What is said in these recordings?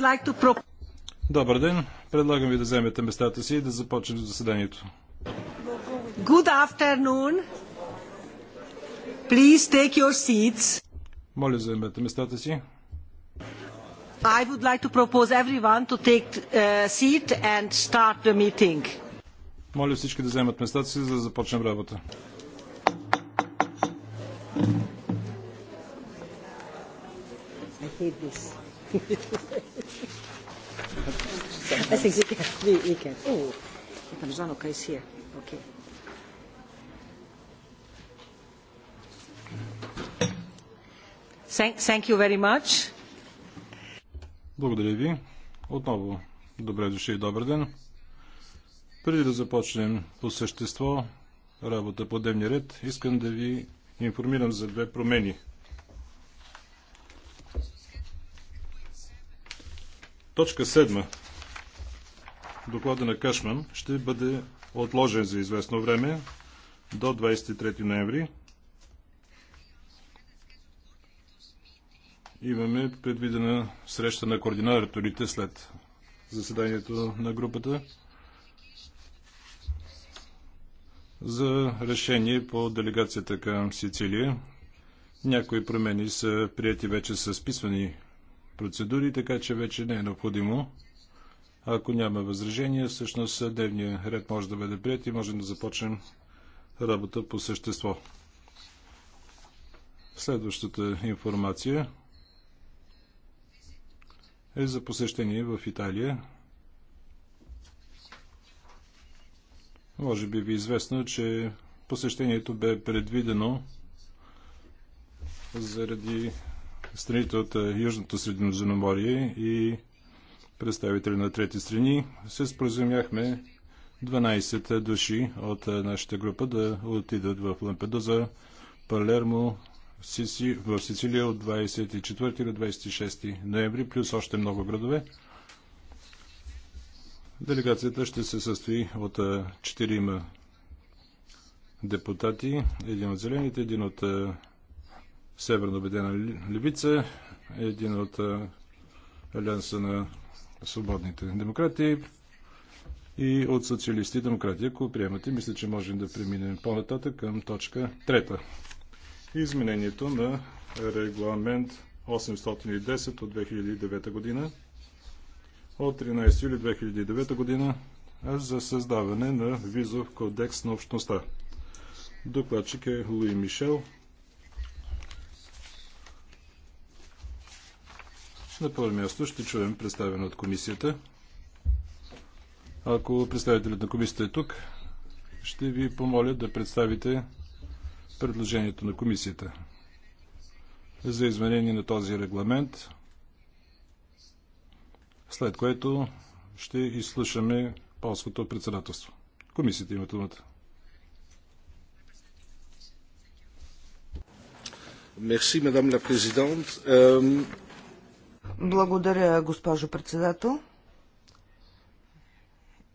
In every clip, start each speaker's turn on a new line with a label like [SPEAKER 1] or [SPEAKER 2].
[SPEAKER 1] Like to...
[SPEAKER 2] Добър ден. Предлагам ви да вземете местата си и да започнем заседанието. Моля, вземете местата си.
[SPEAKER 1] I would like to propose everyone to take a uh, seat and start the meeting.
[SPEAKER 2] Моля всички да вземат местата си, за да започнем работа.
[SPEAKER 1] I hate this. I think
[SPEAKER 3] can. can. Oh, here. Okay. Thank, thank you very much.
[SPEAKER 2] Благодаря ви. Отново добре дошли и добър ден. Преди да започнем по същество работа по дневния ред, искам да ви информирам за две промени – Точка 7. Доклада на Кашман ще бъде отложен за известно време до 23 ноември. Имаме предвидена среща на координаторите след заседанието на групата за решение по делегацията към Сицилия. Някои промени са прияти вече с писмени процедури, така че вече не е необходимо. Ако няма възражения, всъщност дневния ред може да бъде прият и можем да започнем работа по същество. Следващата информация е за посещение в Италия. Може би ви е известно, че посещението бе предвидено заради страните от е, Южното Средиземноморие и представители на трети страни, се споразумяхме 12 души от е, нашата група да отидат в Лампедуза, Палермо, Сиси, в Сицилия от 24 до 26 ноември, плюс още много градове. Делегацията ще се състои от 4 е, депутати, един от зелените, един от Северно обедена левица, е един от Альянса на свободните демократи и от социалисти и демократи. Ако приемате, мисля, че можем да преминем по-нататък към точка трета. Изменението на регламент 810 от 2009 година от 13 юли 2009 година за създаване на визов кодекс на общността. Докладчик е Луи Мишел. На първо място ще чуем представено от комисията. Ако представителят на комисията е тук, ще ви помоля да представите предложението на комисията за изменение на този регламент, след което ще изслушаме полското председателство. Комисията има думата. Merci, Madame la Présidente. Euh,
[SPEAKER 1] благодаря, госпожо председател.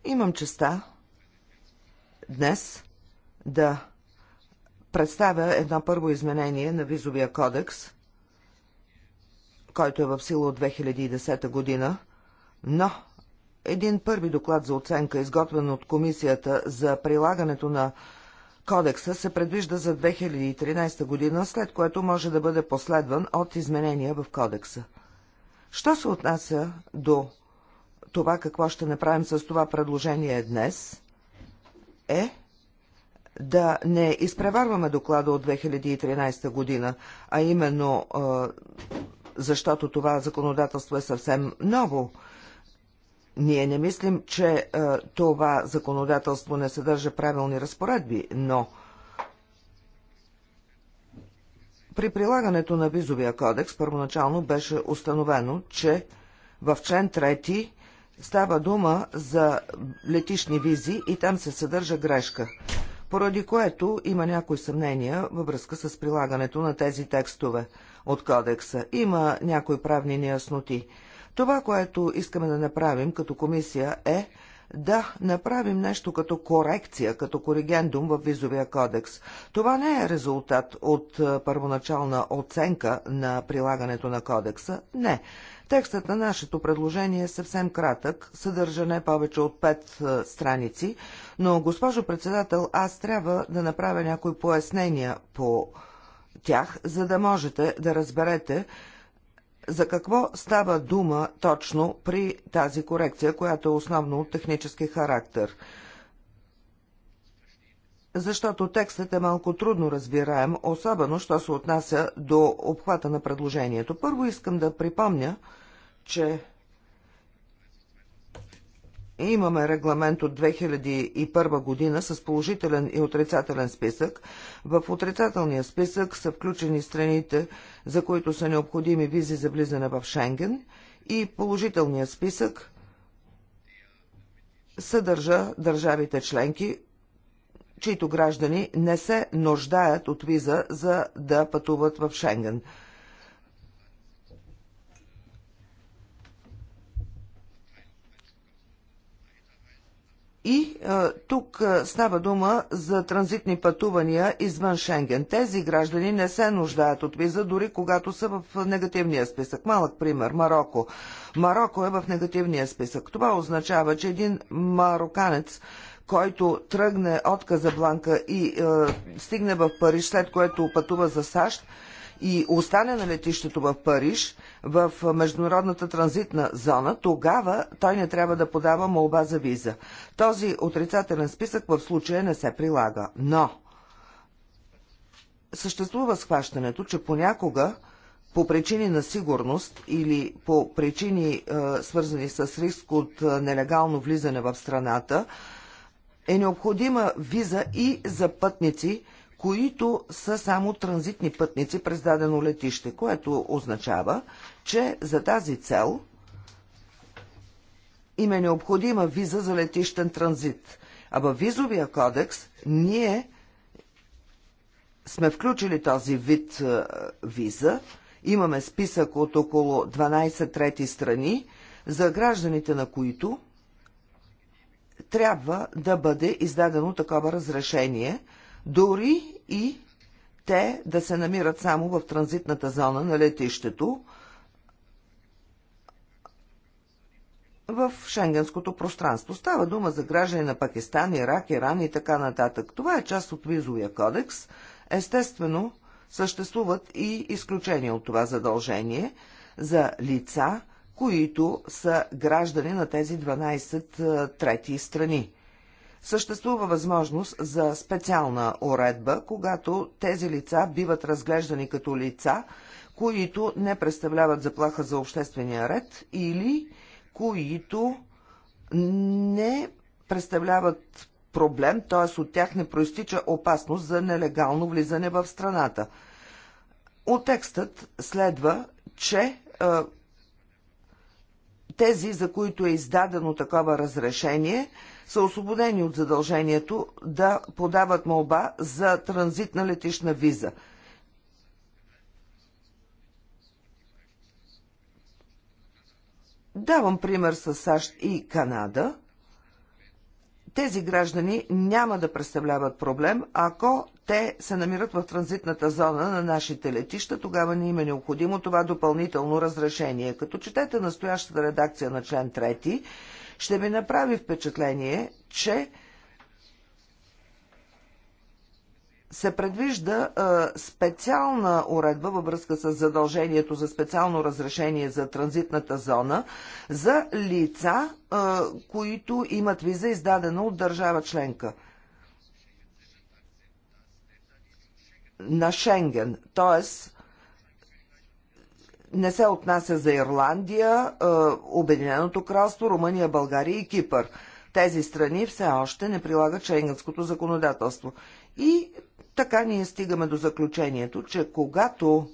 [SPEAKER 1] Имам честа днес да представя едно първо изменение на визовия кодекс, който е в сила от 2010 година, но един първи доклад за оценка, изготвен от Комисията за прилагането на Кодекса се предвижда за 2013 година, след което може да бъде последван от изменения в Кодекса. Що се отнася до това, какво ще направим с това предложение днес, е да не изпреварваме доклада от 2013 година, а именно защото това законодателство е съвсем ново. Ние не мислим, че това законодателство не съдържа правилни разпоредби, но При прилагането на визовия кодекс първоначално беше установено, че в член 3 става дума за летишни визи и там се съдържа грешка, поради което има някои съмнения във връзка с прилагането на тези текстове от кодекса. Има някои правни неясноти. Това, което искаме да направим като комисия е да направим нещо като корекция, като коригендум в визовия кодекс. Това не е резултат от е, първоначална оценка на прилагането на кодекса. Не. Текстът на нашето предложение е съвсем кратък, съдържа не повече от пет е, страници, но, госпожо председател, аз трябва да направя някои пояснения по тях, за да можете да разберете, за какво става дума точно при тази корекция, която е основно от технически характер? Защото текстът е малко трудно разбираем, особено, що се отнася до обхвата на предложението. Първо искам да припомня, че Имаме регламент от 2001 година с положителен и отрицателен списък. В отрицателния списък са включени страните, за които са необходими визи за влизане в Шенген и положителния списък съдържа държавите членки, чието граждани не се нуждаят от виза за да пътуват в Шенген. И а, тук а, става дума за транзитни пътувания извън Шенген. Тези граждани не се нуждаят от виза, дори когато са в негативния списък. Малък пример Марокко. Марокко е в негативния списък. Това означава, че един мароканец който тръгне от Казабланка и е, стигне в Париж, след което пътува за САЩ, и остане на летището в Париж, в международната транзитна зона, тогава той не трябва да подава молба за виза. Този отрицателен списък в случая не се прилага. Но съществува схващането, че понякога по причини на сигурност или по причини е, свързани с риск от е, нелегално влизане в страната, е необходима виза и за пътници, които са само транзитни пътници през дадено летище, което означава, че за тази цел им е необходима виза за летищен транзит. А във визовия кодекс ние сме включили този вид е, виза. Имаме списък от около 12 трети страни, за гражданите на които трябва да бъде издадено такова разрешение – дори и те да се намират само в транзитната зона на летището в шенгенското пространство. Става дума за граждани на Пакистан, Ирак, Иран и така нататък. Това е част от визовия кодекс. Естествено, съществуват и изключения от това задължение за лица, които са граждани на тези 12 трети страни съществува възможност за специална уредба, когато тези лица биват разглеждани като лица, които не представляват заплаха за обществения ред или които не представляват проблем, т.е. от тях не проистича опасност за нелегално влизане в страната. От текстът следва, че тези, за които е издадено такова разрешение, са освободени от задължението да подават молба за транзитна летишна виза. Давам пример с САЩ и Канада. Тези граждани няма да представляват проблем, ако те се намират в транзитната зона на нашите летища, тогава не им е необходимо това допълнително разрешение. Като четете настоящата редакция на член 3, ще ми направи впечатление, че се предвижда специална уредба във връзка с задължението за специално разрешение за транзитната зона за лица, които имат виза издадена от държава членка на Шенген. т.е не се отнася за Ирландия, Обединеното кралство, Румъния, България и Кипър. Тези страни все още не прилагат шенгенското законодателство. И така ние стигаме до заключението, че когато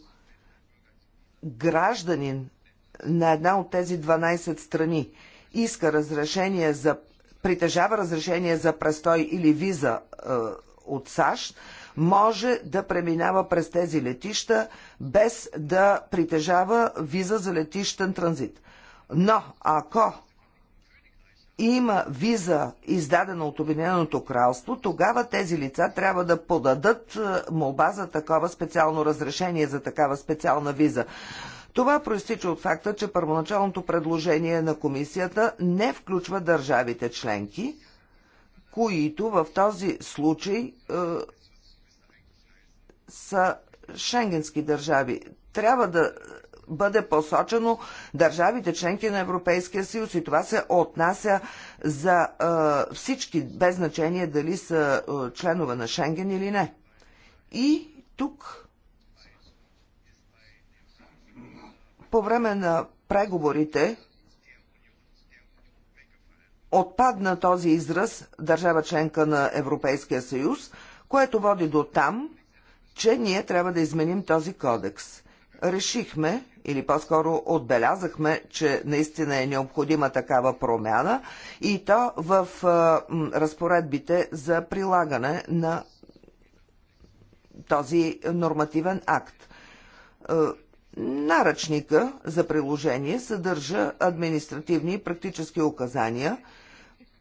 [SPEAKER 1] гражданин на една от тези 12 страни иска разрешение за притежава разрешение за престой или виза е, от САЩ, може да преминава през тези летища без да притежава виза за летищен транзит. Но ако има виза, издадена от Обединеното кралство, тогава тези лица трябва да подадат е, молба за такова специално разрешение, за такава специална виза. Това проистича от факта, че първоначалното предложение на комисията не включва държавите членки, които в този случай е, са шенгенски държави. Трябва да бъде посочено държавите членки на Европейския съюз и това се отнася за е, всички, без значение дали са е, членове на Шенген или не. И тук по време на преговорите отпадна този израз държава членка на Европейския съюз, което води до там, че ние трябва да изменим този кодекс. Решихме, или по-скоро отбелязахме, че наистина е необходима такава промяна и то в разпоредбите за прилагане на този нормативен акт. Наръчника за приложение съдържа административни и практически указания,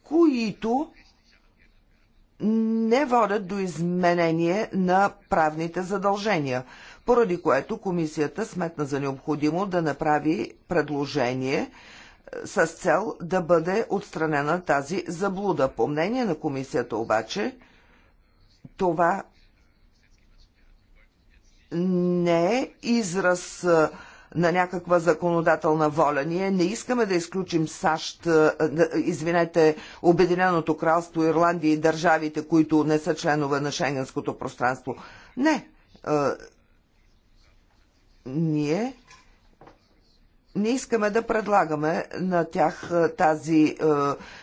[SPEAKER 1] които не водят до изменение на правните задължения, поради което комисията сметна за необходимо да направи предложение е, с цел да бъде отстранена тази заблуда. По мнение на комисията обаче, това не е израз е, на някаква законодателна воля. Ние не искаме да изключим САЩ, е, е, извинете, Обединеното кралство, Ирландия и държавите, които не са членове на Шенгенското пространство. Не. Е, ние не искаме да предлагаме на тях е, тази е,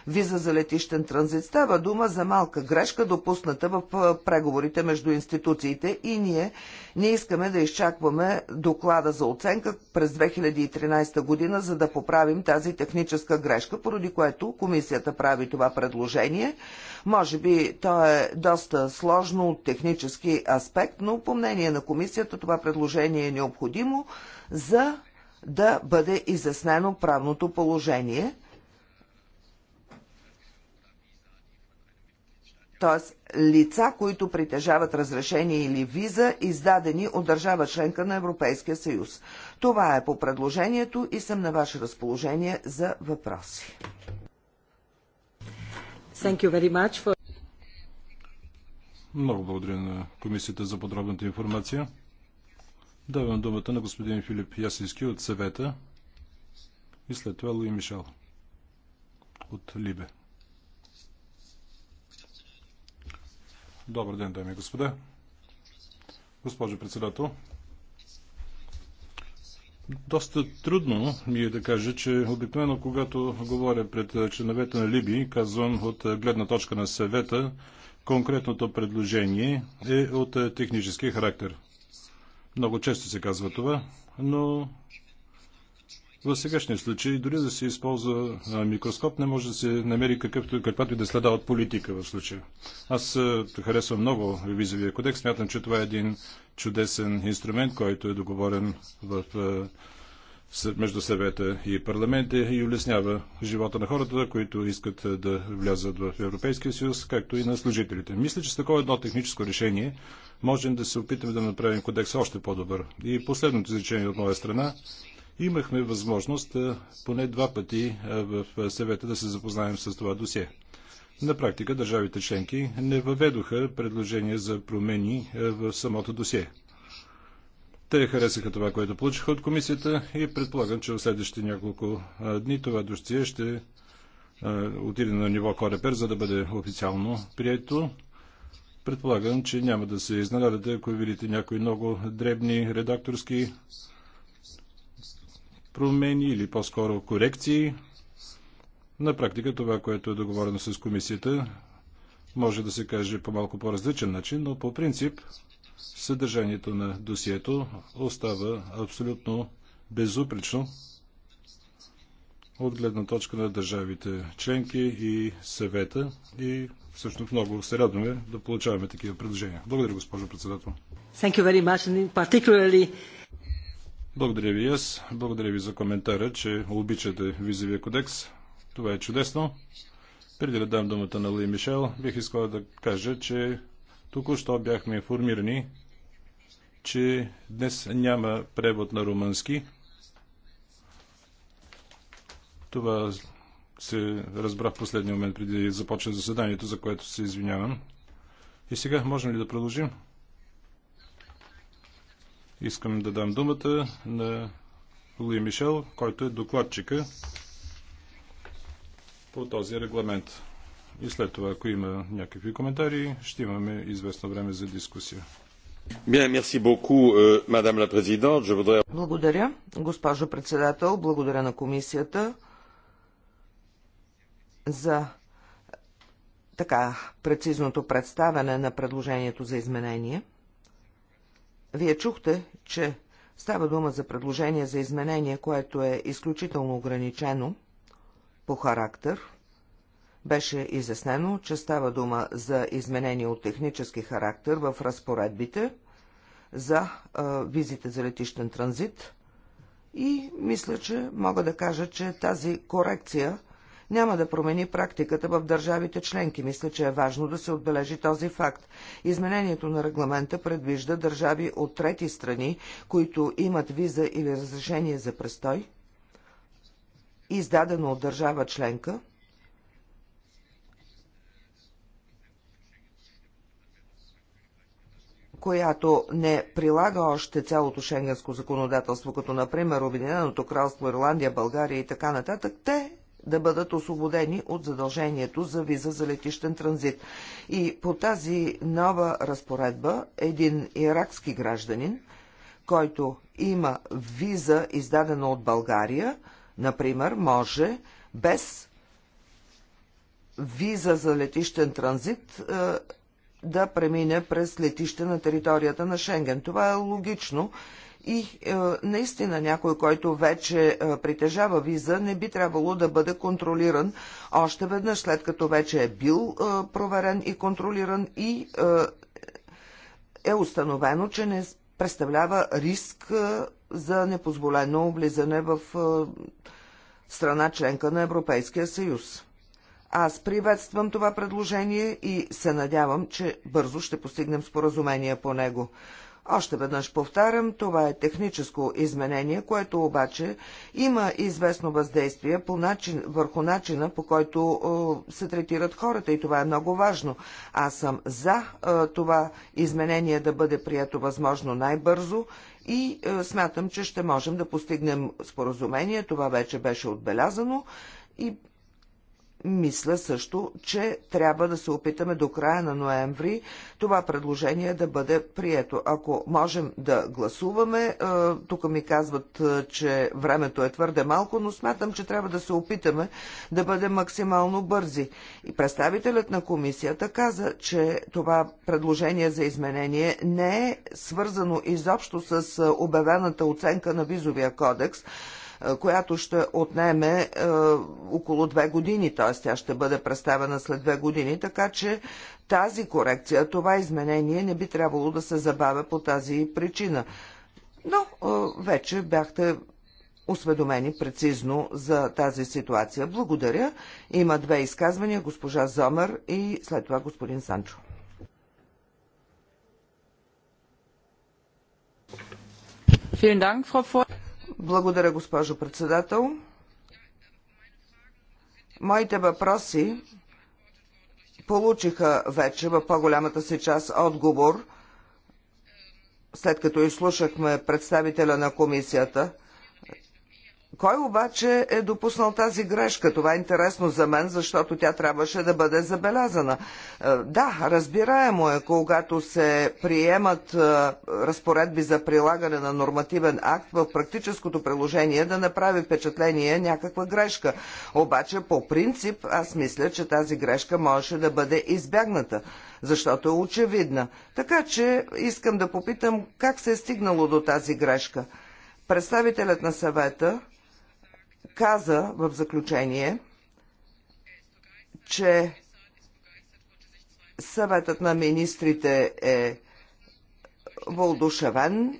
[SPEAKER 1] виза за летищен транзит. Става дума за малка грешка, допусната в е, преговорите между институциите и ние не искаме да изчакваме доклада за оценка през 2013 година, за да поправим тази техническа грешка, поради което комисията прави това предложение. Може би то е доста сложно от технически аспект, но по мнение на комисията това предложение е необходимо за да бъде изяснено правното положение. т.е. лица, които притежават разрешение или виза, издадени от държава членка на Европейския съюз. Това е по предложението и съм на ваше разположение за въпроси. For...
[SPEAKER 2] Много благодаря на комисията за подробната информация. Давам думата на господин Филип Ясински от съвета и след това Луи Мишел от Либе. Добър ден, дами и господа. Госпожо председател, доста трудно ми е да кажа, че обикновено когато говоря пред членовете на Либи, казвам от гледна точка на съвета, конкретното предложение е от технически характер. Много често се казва това, но в сегашния случай, дори да се използва микроскоп, не може да се намери какъвто, каквато и да следа от политика в случая. Аз харесвам много визовия кодекс. Смятам, че това е един чудесен инструмент, който е договорен в между съвета и парламента и улеснява живота на хората, които искат да влязат в Европейския съюз, както и на служителите. Мисля, че с такова едно техническо решение можем да се опитаме да направим кодекс още по-добър. И последното изречение от моя страна. Имахме възможност поне два пъти в съвета да се запознаем с това досие. На практика държавите членки не въведоха предложения за промени в самото досие. Те харесаха това, което получиха от комисията и предполагам, че в следващите няколко дни това досие ще отиде на ниво Корепер, за да бъде официално прието. Предполагам, че няма да се изненадате, ако видите някои много дребни редакторски промени или по-скоро корекции. На практика това, което е договорено с комисията, може да се каже по малко по-различен начин, но по принцип съдържанието на досието остава абсолютно безупречно от гледна точка на държавите членки и съвета и всъщност много се радваме да получаваме такива предложения. Благодаря, госпожо председател. Particularly... Благодаря ви аз. Благодаря ви за коментара, че обичате визовия кодекс. Това е чудесно. Преди да дам думата на Луи Мишел, бих искал да кажа, че Току-що бяхме информирани, че днес няма превод на румънски. Това се разбрах в последния момент преди да започне заседанието, за което се извинявам. И сега можем ли да продължим? Искам да дам думата на Луи Мишел, който е докладчика по този регламент. И след това, ако има някакви коментари, ще имаме известно време за дискусия. Euh, Благодаря,
[SPEAKER 1] госпожо председател. Благодаря на комисията за така прецизното представяне на предложението за изменение. Вие чухте, че става дума за предложение за изменение, което е изключително ограничено по характер – беше изяснено, че става дума за изменения от технически характер в разпоредбите за а, визите за летищен транзит и мисля, че мога да кажа, че тази корекция няма да промени практиката в държавите членки. Мисля, че е важно да се отбележи този факт. Изменението на регламента предвижда държави от трети страни, които имат виза или разрешение за престой, издадено от държава членка, която не прилага още цялото шенгенско законодателство, като например Обединеното кралство, Ирландия, България и така нататък, те да бъдат освободени от задължението за виза за летищен транзит. И по тази нова разпоредба един иракски гражданин, който има виза издадена от България, например, може без виза за летищен транзит е, да премине през летище на територията на Шенген. Това е логично и е, наистина някой, който вече е, притежава виза, не би трябвало да бъде контролиран още веднъж, след като вече е бил е, проверен и контролиран и е, е установено, че не представлява риск е, за непозволено влизане в е, страна членка на Европейския съюз. Аз приветствам това предложение и се надявам, че бързо ще постигнем споразумение по него. Още веднъж повтарям, това е техническо изменение, което обаче има известно въздействие по начин, върху начина, по който е, се третират хората и това е много важно. Аз съм за е, това изменение да бъде прието възможно най-бързо и е, смятам, че ще можем да постигнем споразумение. Това вече беше отбелязано и мисля също, че трябва да се опитаме до края на ноември това предложение да бъде прието. Ако можем да гласуваме, е, тук ми казват, е, че времето е твърде малко, но смятам, че трябва да се опитаме да бъдем максимално бързи. И представителят на комисията каза, че това предложение за изменение не е свързано изобщо с е, обявената оценка на визовия кодекс, която ще отнеме е, около две години, т.е. тя ще бъде представена след две години, така че тази корекция, това изменение не би трябвало да се забавя по тази причина. Но е, вече бяхте осведомени прецизно за тази ситуация. Благодаря. Има две изказвания, госпожа Зомер и след това господин Санчо. Vielen Dank, Frau благодаря, госпожо председател. Моите въпроси получиха вече в по-голямата си част отговор, след като изслушахме представителя на комисията – кой обаче е допуснал тази грешка? Това е интересно за мен, защото тя трябваше да бъде забелязана. Е, да, разбираемо е, когато се приемат е, разпоредби за прилагане на нормативен акт в практическото приложение да направи впечатление някаква грешка. Обаче по принцип аз мисля, че тази грешка можеше да бъде избягната защото е очевидна. Така че искам да попитам как се е стигнало до тази грешка. Представителят на съвета каза в заключение, че съветът на министрите е вълдушевен, е,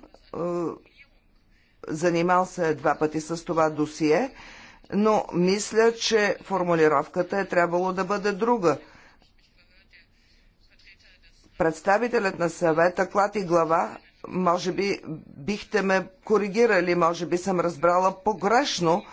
[SPEAKER 1] занимал се е два пъти с това досие, но мисля, че формулировката е трябвало да бъде друга. Представителят на съвета, клати глава, може би бихте ме коригирали, може би съм разбрала погрешно,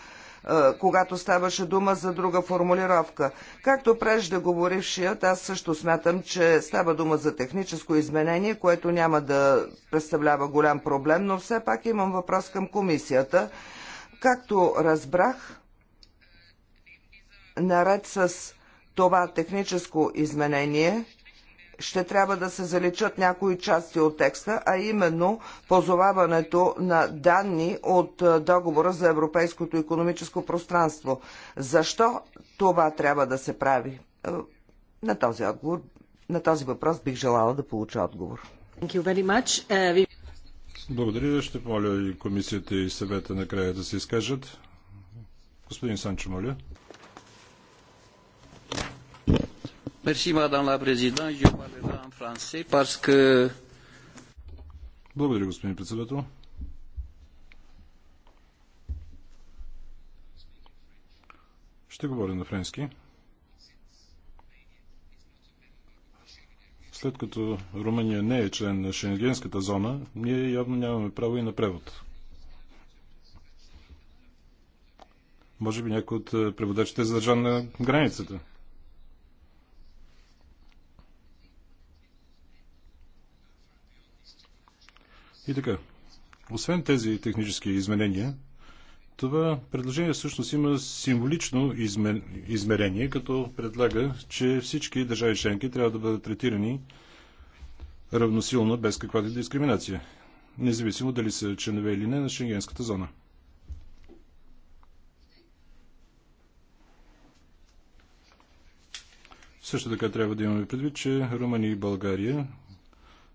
[SPEAKER 1] е, когато ставаше дума за друга формулировка. Както преждеговорившият, аз също смятам, че става дума за техническо изменение, което няма да представлява голям проблем, но все пак имам въпрос към комисията. Както разбрах, наред с това техническо изменение – ще трябва да се заличат някои части от текста, а именно позоваването на данни от е, договора за Европейското економическо пространство. Защо това трябва да се прави?
[SPEAKER 2] Е, на този, отговор, на този въпрос бих
[SPEAKER 1] желала да получа отговор.
[SPEAKER 3] Е,
[SPEAKER 2] Благодаря. Ще помоля и комисията и съвета накрая да се изкажат. Господин Санчо, моля. Merci, Madame la Présidente. Je parlerai en français parce que... Благодаря, господин председател. Ще говоря на френски. След като Румъния не е член на Шенгенската зона, ние явно нямаме право и на превод. Може би някой от е, преводачите е задържан на границата. И така, освен тези технически изменения, това предложение всъщност има символично измерение, като предлага, че всички държави членки трябва да бъдат третирани равносилно, без каквато е дискриминация, независимо дали са членове или не на шенгенската зона. Също така трябва да имаме предвид, че Румъния и България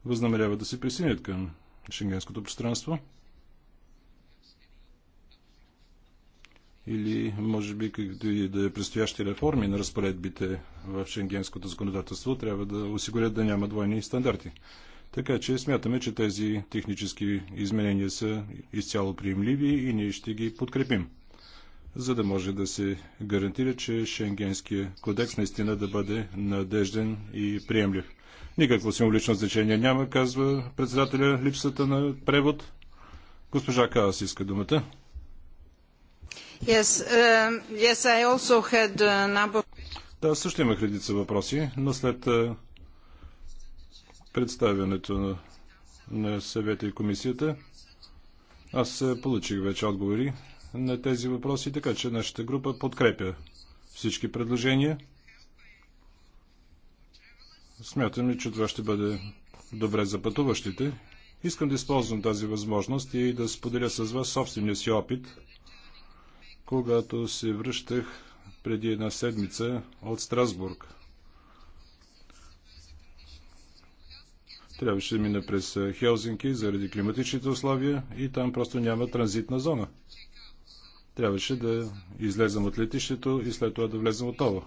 [SPEAKER 2] възнамеряват да се присъединят към шенгенското пространство? Или, може би, както и да е предстоящи реформи на разпоредбите в шенгенското законодателство, трябва да осигурят да няма двойни стандарти. Така че смятаме, че тези технически изменения са изцяло приемливи и ние ще ги подкрепим, за да може да се гарантира, че Шенгенския кодекс наистина да бъде надежден и приемлив. Никакво символично значение няма, казва председателя липсата на превод. Госпожа Каас, иска думата.
[SPEAKER 1] Yes, uh, yes, I also had number...
[SPEAKER 2] Да, също имах редица въпроси, но след представянето на, на съвета и комисията аз получих вече отговори на тези въпроси, така че нашата група подкрепя всички предложения. Смятаме, че това ще бъде добре за пътуващите. Искам да използвам тази възможност и да споделя с вас собствения си опит, когато се връщах преди една седмица от Страсбург. Трябваше да мина през Хелзинки заради климатичните условия и там просто няма транзитна зона. Трябваше да излезем от летището и след това да влезем отново.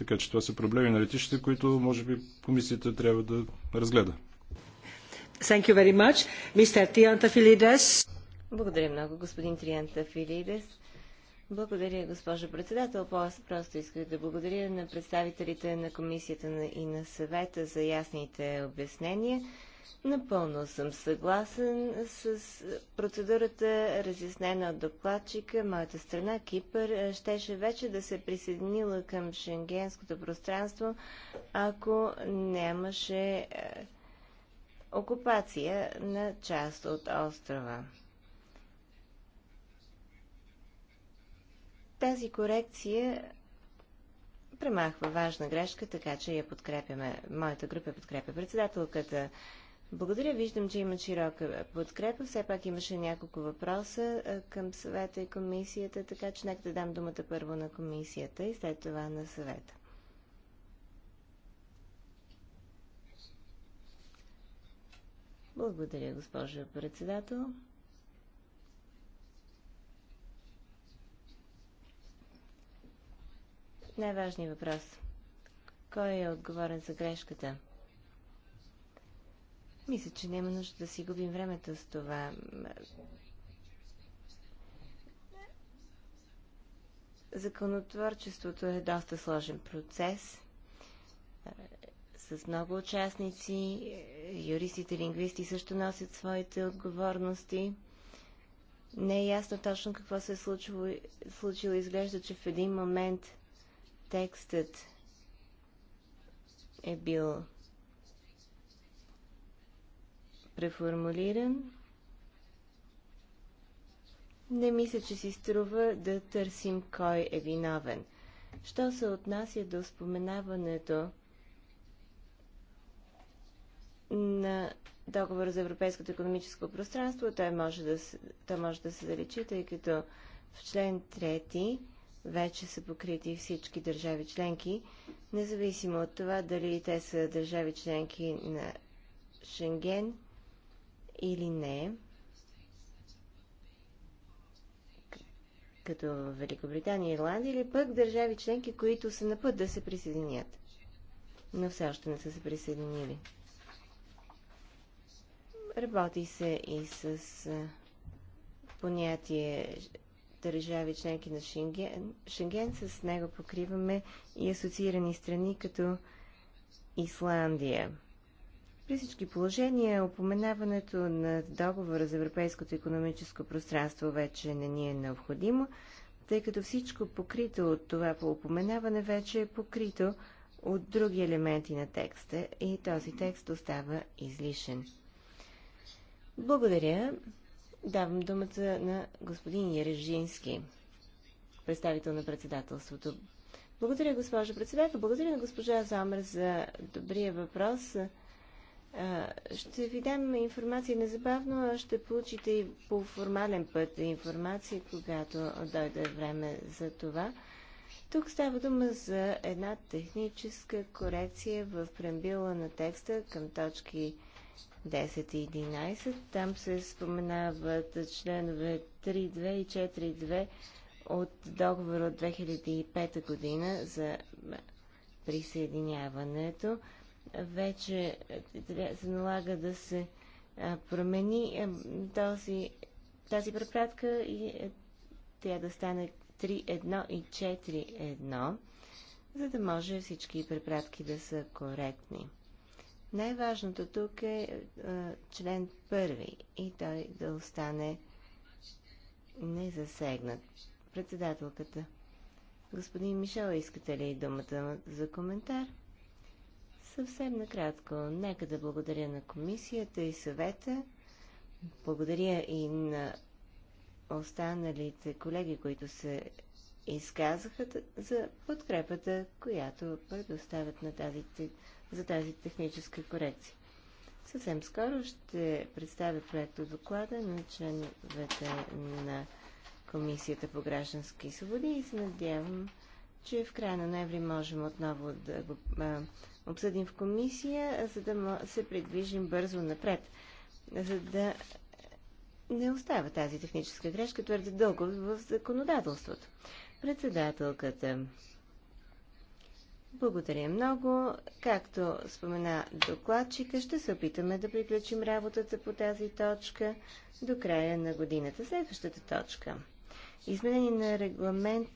[SPEAKER 2] Така че това са проблеми на летищите, които може би комисията трябва да разгледа.
[SPEAKER 3] Thank you very much. Mr. Благодаря много, господин Трианта Филидес. Благодаря, госпожо председател. Просто исках да благодаря на представителите на комисията и на съвета за ясните обяснения. Напълно съм съгласен с процедурата, разяснена от докладчика. Моята страна, Кипър, е, щеше вече да се присъединила към шенгенското пространство, ако нямаше е, окупация на част от острова. Тази корекция премахва важна грешка, така че я подкрепяме. Моята група подкрепя председателката. Благодаря. Виждам, че има широка подкрепа. Все пак имаше няколко въпроса към съвета и комисията, така че нека да дам думата първо на комисията и след това на съвета. Благодаря, госпожо председател. Най-важният въпрос. Кой е отговорен за грешката? Мисля, че няма нужда да си губим времето с това. Законотворчеството е доста сложен процес с много участници. Юристите, лингвисти също носят своите отговорности. Не е ясно точно какво се е случило. случило. Изглежда, че в един момент текстът е бил преформулиран. Не мисля, че си струва да търсим кой е виновен. Що се отнася до споменаването на договор за Европейското економическо пространство, той може да се, той може да се заличи, тъй като в член 3 вече са покрити всички държави членки, независимо от това дали те са държави членки на Шенген или не, като Великобритания и Ирландия, или пък държави членки, които са на път да се присъединят, но все още не са се присъединили. Работи се и с понятие държави членки на Шенген. Шенген с него покриваме и асоциирани страни като Исландия. При всички положения, опоменаването на договора за Европейското економическо пространство вече не ни е необходимо, тъй като всичко покрито от това по опоменаване вече е покрито от други елементи на текста и този текст остава излишен. Благодаря. Давам думата на господин Ережински, представител на председателството. Благодаря, госпожа председател. Благодаря на госпожа Замер за добрия въпрос. Ще ви дам информация незабавно, ще получите и по формален път информация, когато дойде време за това. Тук става дума за една техническа корекция в прембила на текста към точки 10 и 11. Там се споменават членове 3.2 и 4.2 от договор от 2005 година за присъединяването вече е, се налага да се промени е, този, тази препратка и е, тя да стане 3-1 и 4-1, за да може всички препратки да са коректни. Най-важното тук е член 1 и той да остане незасегнат. Председателката. Господин Мишел, искате ли думата за коментар? Съвсем накратко, нека да благодаря на комисията и съвета. Благодаря и на останалите колеги, които се изказаха за подкрепата, която предоставят на тази, за тази техническа корекция. Съвсем скоро ще представя проекта доклада на членовете на Комисията по граждански свободи и се надявам че в края на ноември можем отново да го а, обсъдим в комисия, за да се придвижим бързо напред, за да не остава тази техническа грешка твърде дълго в законодателството. Председателката. Благодаря много. Както спомена докладчика, ще се опитаме да приключим работата по тази точка до края на годината. Следващата точка. Изменение на регламент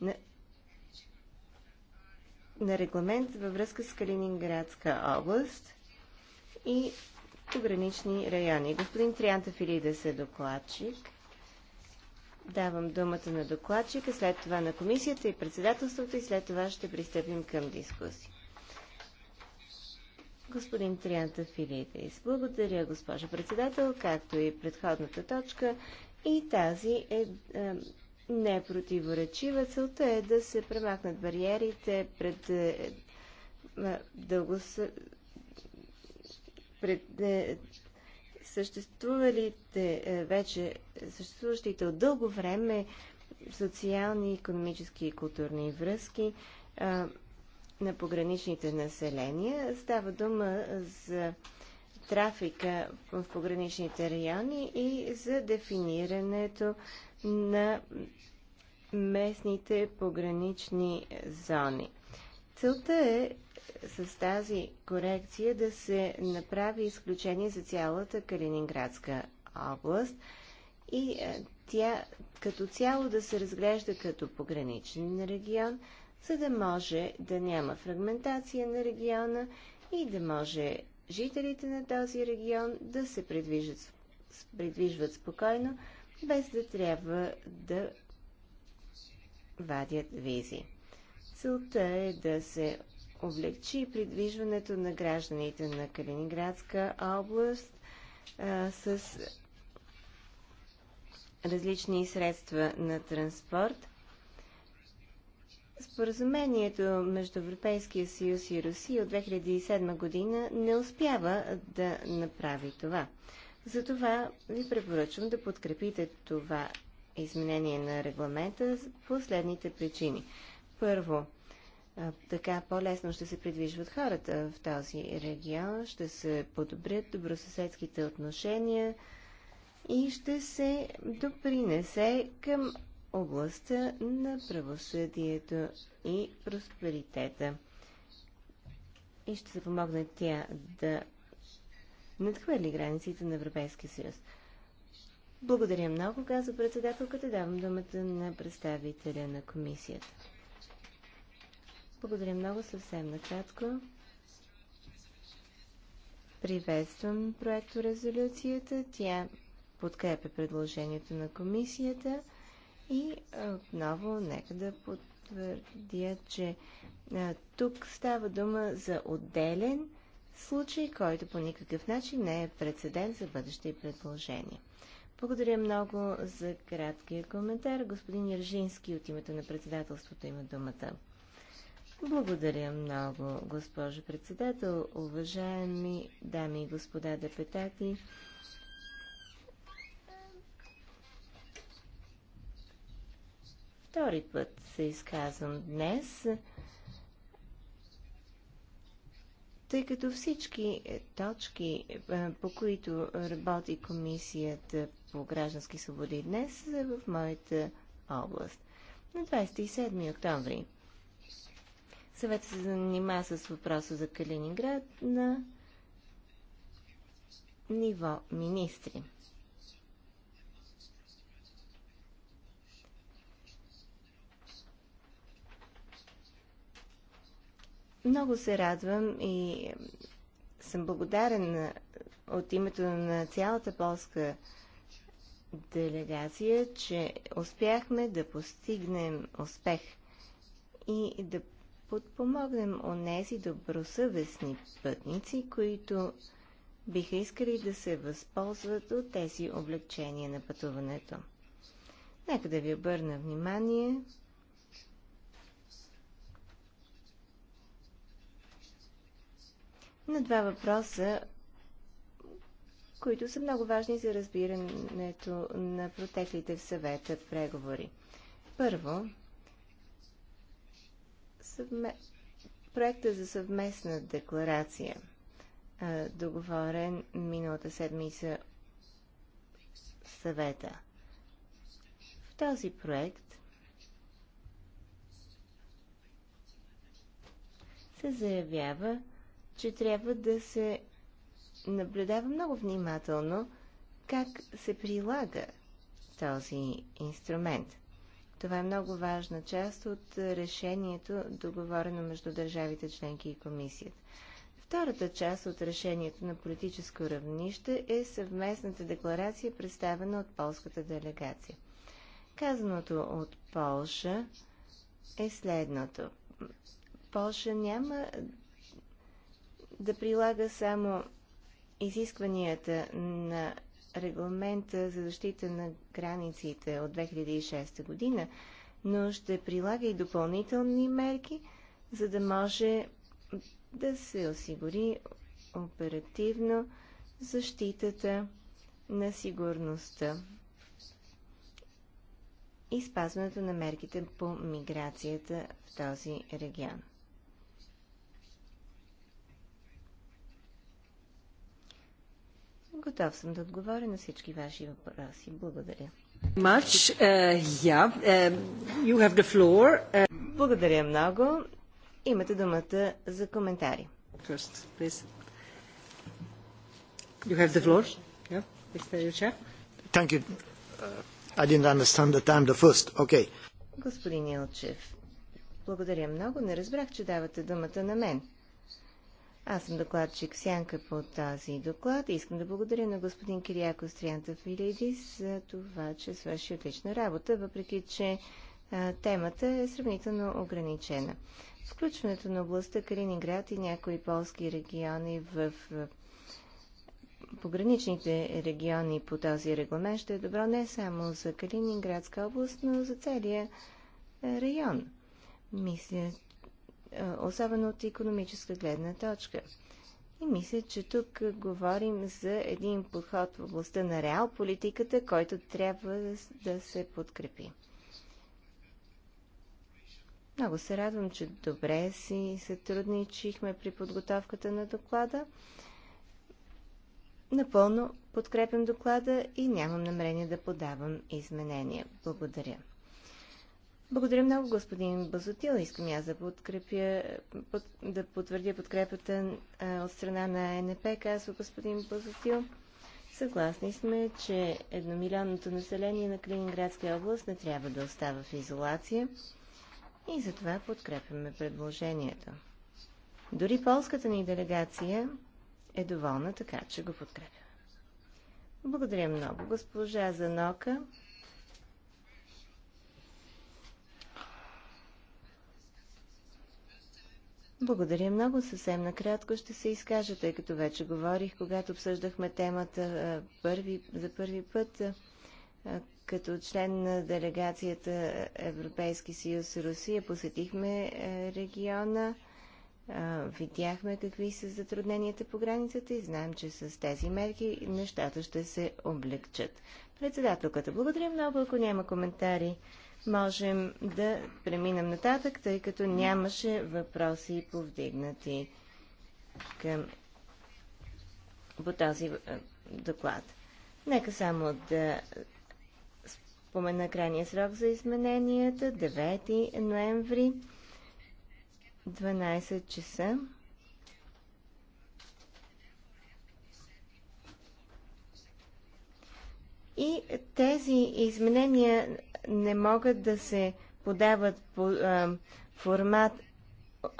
[SPEAKER 3] на на регламент във връзка с Калининградска област и погранични райони. Господин Трианта Филида се докладчик. Давам думата на докладчика, след това на комисията и председателството и след това ще пристъпим към дискусия. Господин Трианта Филидис, благодаря, госпожа председател, както и предходната точка. И тази е, е не е противоречива. Целта е да се премахнат бариерите пред е, дълго пред е, съществувалите е, вече, съществуващите от дълго време социални, економически и културни връзки на пограничните населения. Става дума за трафика в пограничните райони и за дефинирането на местните погранични зони. Целта е с тази корекция да се направи изключение за цялата Калининградска област и е, тя като цяло да се разглежда като пограничен регион, за да може да няма фрагментация на региона и да може жителите на този регион да се придвижат, придвижват спокойно без да трябва да вадят визи. Целта е да се облегчи придвижването на гражданите на Калининградска област а, с различни средства на транспорт. Споразумението между Европейския съюз и Русия от 2007 година не успява да направи това. Затова ви препоръчвам да подкрепите това изменение на регламента по следните причини. Първо, така по-лесно ще се придвижват хората в този регион, ще се подобрят добросъседските отношения и ще се допринесе към областта на правосъдието и просперитета. И ще се помогне тя да надхвърли границите на Европейския съюз. Благодаря много, каза председателката. Давам думата на представителя на комисията. Благодаря много, съвсем накратко. Приветствам проекто резолюцията. Тя подкрепя предложението на комисията и отново нека да потвърдя, че а, тук става дума за отделен случай, който по никакъв начин не е прецедент за бъдещи предположения. Благодаря много за краткия коментар. Господин Ержински от името на председателството има думата. Благодаря много, госпожо председател, уважаеми дами и господа депутати. Втори път се изказвам днес. тъй като всички е, точки, е, по които работи Комисията по граждански свободи днес, са в моята област. На 27 октомври съвет се занимава с въпроса за Калининград на ниво министри. Много се радвам и съм благодарен от името на цялата полска делегация, че успяхме да постигнем успех и да подпомогнем онези добросъвестни пътници, които биха искали да се възползват от тези облегчения на пътуването. Нека да ви обърна внимание на два въпроса, които са много важни за разбирането на протеклите в съвета в преговори. Първо, съвме... проекта за съвместна декларация, договорен миналата седмица в съвета. В този проект се заявява, че трябва да се наблюдава много внимателно как се прилага този инструмент. Това е много важна част от решението, договорено между държавите членки и комисията. Втората част от решението на политическо равнище е съвместната декларация, представена от полската делегация. Казаното от Полша е следното. Полша няма да прилага само изискванията на регламента за защита на границите от 2006 година, но ще прилага и допълнителни мерки, за да може да се осигури оперативно защитата на сигурността и спазването на мерките по миграцията в този регион. Готов съм да отговоря на всички ваши въпроси. Благодаря. Much, uh, yeah. uh, you have the floor. Uh... Благодаря много. Имате думата за коментари. First, please. You have the floor. Yeah, Thank you. Uh, I didn't understand the first. Okay. Господин Илчев, благодаря много. Не разбрах, че давате думата на мен. Аз съм докладчик Сянка по този доклад. и Искам да благодаря на господин Кирияко Стрианта Филидис за това, че свърши отлична работа, въпреки че а, темата е сравнително ограничена. Включването на областта Калининград и някои полски региони в пограничните региони по този регламент ще е добро не само за Калининградска област, но за целия район. Мисля, особено от економическа гледна точка. И мисля, че тук говорим за един подход в областта на реал политиката, който трябва да се подкрепи. Много се радвам, че добре си сътрудничихме при подготовката на доклада. Напълно подкрепям доклада и нямам намерение да подавам изменения. Благодаря. Благодаря много, господин Базотил. Искам аз да подкрепя, под, да потвърдя подкрепата а, от страна на НП, казва господин Базотил. Съгласни сме, че едномилионното население на Калининградска област не трябва да остава в изолация и затова подкрепяме предложението. Дори полската ни делегация е доволна, така че го подкрепяме. Благодаря много, госпожа Занока. Благодаря много. Съвсем накратко ще се изкажа, тъй като вече говорих, когато обсъждахме темата първи, за първи път като член на делегацията Европейски съюз Русия посетихме региона, видяхме какви са затрудненията по границата и знаем, че с тези мерки нещата ще се облегчат. Председателката, благодаря много, ако няма коментари можем да преминем нататък, тъй като нямаше въпроси повдигнати към по този е, доклад. Нека само да спомена крайния срок за измененията 9 ноември 12 часа. И тези изменения не могат да се подават по а, формат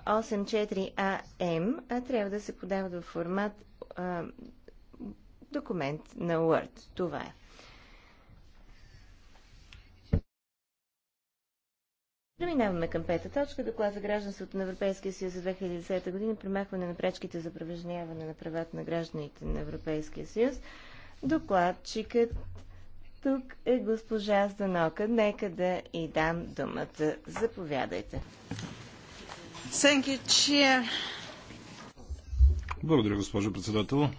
[SPEAKER 3] 84AM, а трябва да се подават в формат а, документ на Word. Това е. Преминаваме към пета точка. Доклад за гражданството на Европейския съюз за 2010 година. Премахване на пречките за превъжняване на правата на гражданите на Европейския съюз. Докладчикът тук е госпожа Станока, Нека да и дам думата. Заповядайте.
[SPEAKER 2] Благодаря, госпожо председател.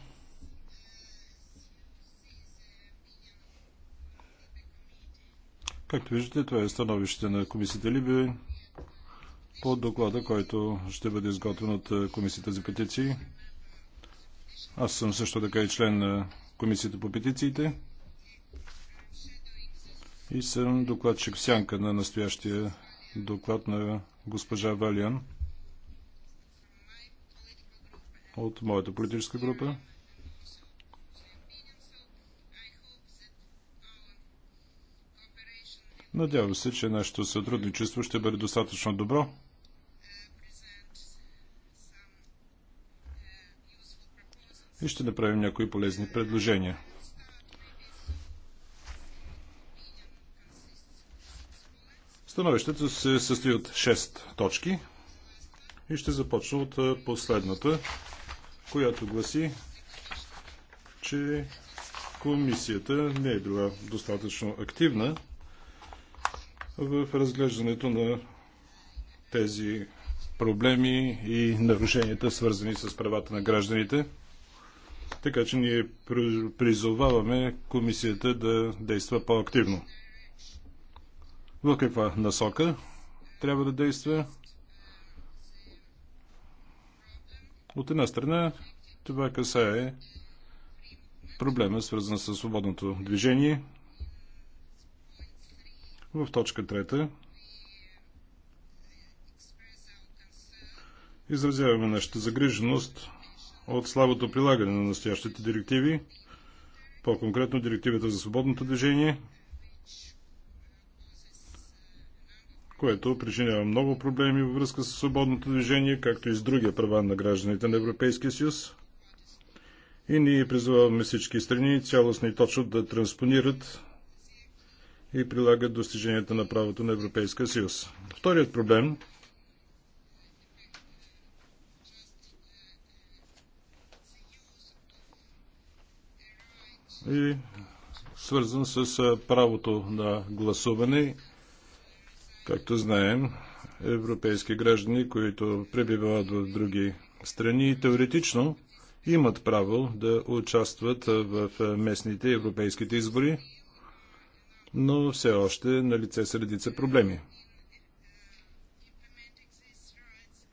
[SPEAKER 2] Както виждате, това е становище на комисията Либи по доклада, който ще бъде изготвен от комисията за петиции. Аз съм също така и член на комисията по петициите и съм докладчик в сянка на настоящия доклад на госпожа Валиан от моята политическа група. Надявам се, че нашето сътрудничество ще бъде достатъчно добро. И ще направим някои полезни предложения. Становището се състои от 6 точки и ще започна от последната, която гласи, че комисията не е била достатъчно активна в разглеждането на тези проблеми и нарушенията, свързани с правата на гражданите. Така че ние призоваваме комисията да действа по-активно в каква насока трябва да действа. От една страна, това касае проблема, свързан с свободното движение. В точка трета изразяваме нашата загриженост от слабото прилагане на настоящите директиви, по-конкретно директивата за свободното движение – което причинява много проблеми във връзка с свободното движение, както и с другия права на гражданите на Европейския съюз. И ние призоваваме всички страни цялостно и точно да транспонират и прилагат достиженията на правото на Европейския съюз. Вторият проблем и е свързан с правото на гласуване Както знаем, европейски граждани, които пребивават в други страни, теоретично имат право да участват в местните европейските избори, но все още на лице са редица проблеми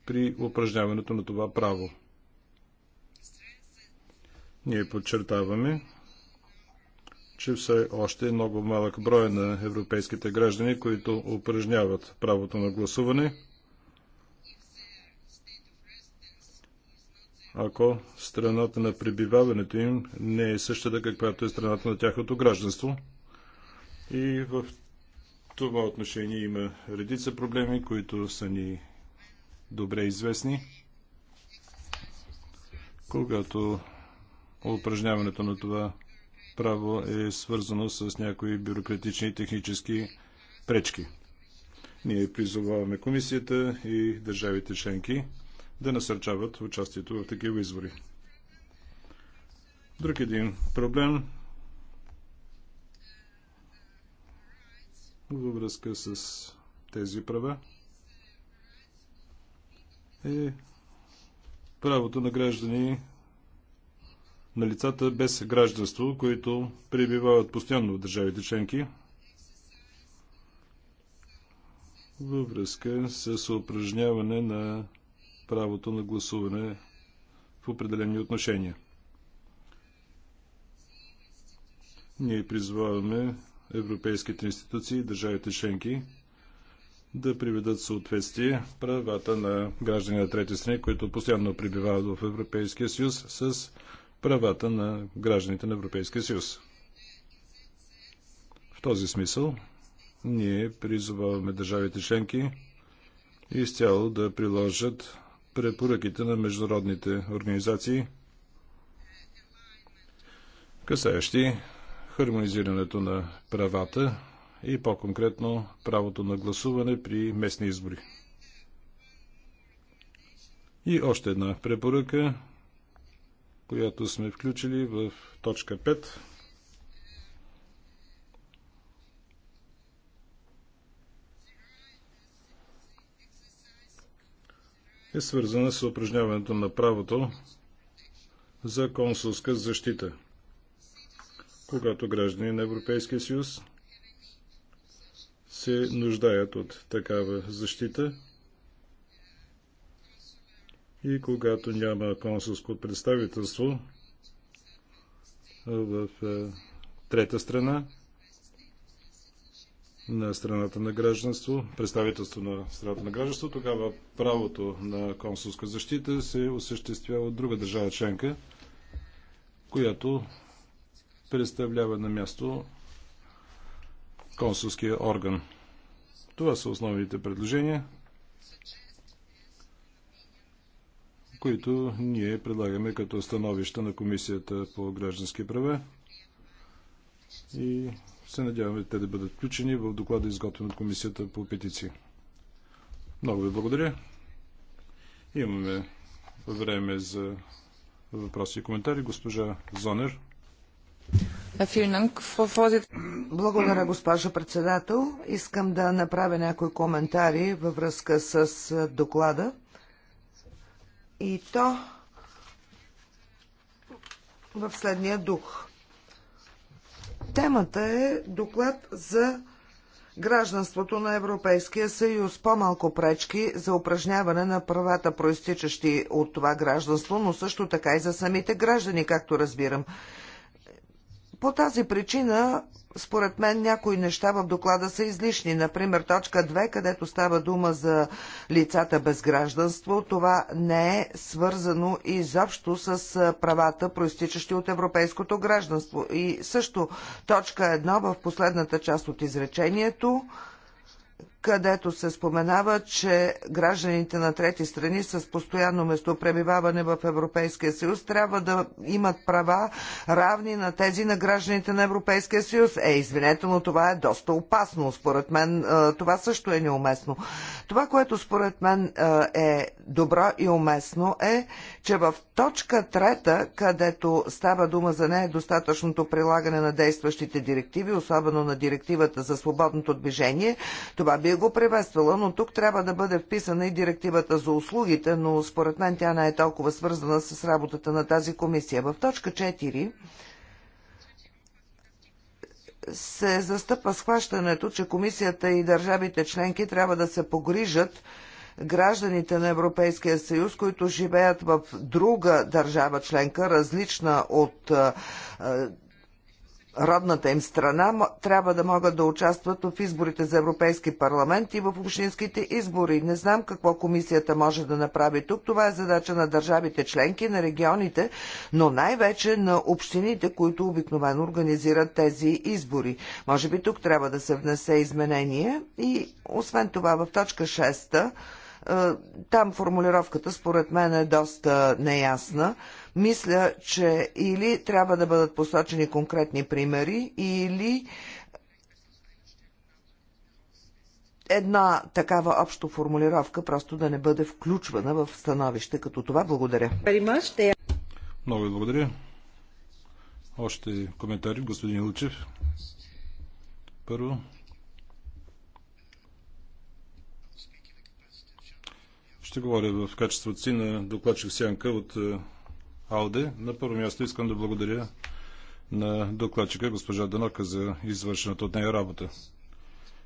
[SPEAKER 2] при упражняването на това право. Ние подчертаваме, че все още е много малък брой на европейските граждани, които упражняват правото на гласуване. ако страната на пребиваването им не е същата, каквато е страната на тяхното гражданство. И в това отношение има редица проблеми, които са ни добре известни. Когато упражняването на това право е свързано с някои бюрократични и технически пречки. Ние призоваваме комисията и държавите членки да насърчават участието в такива избори. Друг един проблем във връзка с тези права е правото на граждани на лицата без гражданство, които пребивават постоянно в държавите членки във връзка с упражняване на правото на гласуване в определени отношения. Ние призваваме европейските институции и държавите членки да приведат съответствие правата на граждани на трети страни, които постоянно прибивават в Европейския съюз с правата на гражданите на Европейския съюз. В този смисъл ние призоваваме държавите членки изцяло да приложат препоръките на международните организации, касаещи хармонизирането на правата и по-конкретно правото на гласуване при местни избори. И още една препоръка която сме включили в точка 5. е свързана с упражняването на правото за консулска защита, когато граждани на Европейския съюз се нуждаят от такава защита и когато няма консулско представителство в трета страна на страната на гражданство, представителство на страната на гражданство, тогава правото на консулска защита се осъществява от друга държава членка, която представлява на място консулския орган. Това са основните предложения. които ние предлагаме като становища на Комисията по граждански права и се надяваме те да бъдат включени в доклада, изготвен от Комисията по петиции. Много ви благодаря. Имаме време за въпроси и коментари. Госпожа Зонер.
[SPEAKER 1] Благодаря, госпожо председател. Искам да направя някои коментари във връзка с доклада и то в следния дух. Темата е доклад за гражданството на Европейския съюз, по-малко пречки за упражняване на правата, проистичащи от това гражданство, но също така и за самите граждани, както разбирам. По тази причина, според мен, някои неща в доклада са излишни. Например, точка 2, където става дума за лицата без гражданство, това не е свързано изобщо с правата, проистичащи от европейското гражданство. И също точка 1 в последната част от изречението, където се споменава, че гражданите на трети страни с постоянно местопребиваване в Европейския съюз трябва да имат права равни на тези на гражданите на Европейския съюз. Е, извинете, но това е доста опасно. Според мен е, това също е неуместно. Това, което според мен е, е добро и уместно е, че в точка трета, където става дума за нея достатъчното прилагане на действащите директиви, особено на директивата за свободното движение, това би е го приветствала, но тук трябва да бъде вписана и директивата за услугите, но според мен тя не е толкова свързана с работата на тази комисия. В точка 4 се застъпва схващането, че комисията и държавите членки трябва да се погрижат гражданите на Европейския съюз, които живеят в друга държава членка, различна от родната им страна, трябва да могат да участват в изборите за Европейски парламент и в общинските избори. Не знам какво комисията може да направи тук. Това е задача на държавите членки, на регионите, но най-вече на общините, които обикновено организират тези избори. Може би тук трябва да се внесе изменение и освен това в точка 6 е, там формулировката според мен е доста неясна. Мисля, че или трябва да бъдат посочени конкретни примери, или една такава общо формулировка просто да не бъде включвана в становище като това. Благодаря.
[SPEAKER 2] Много ви благодаря. Още коментари, господин Лучев. Първо. Ще говоря в качеството си на докладчик Сянка от е, Алде. На първо място искам да благодаря на докладчика госпожа Данока за извършената от нея работа.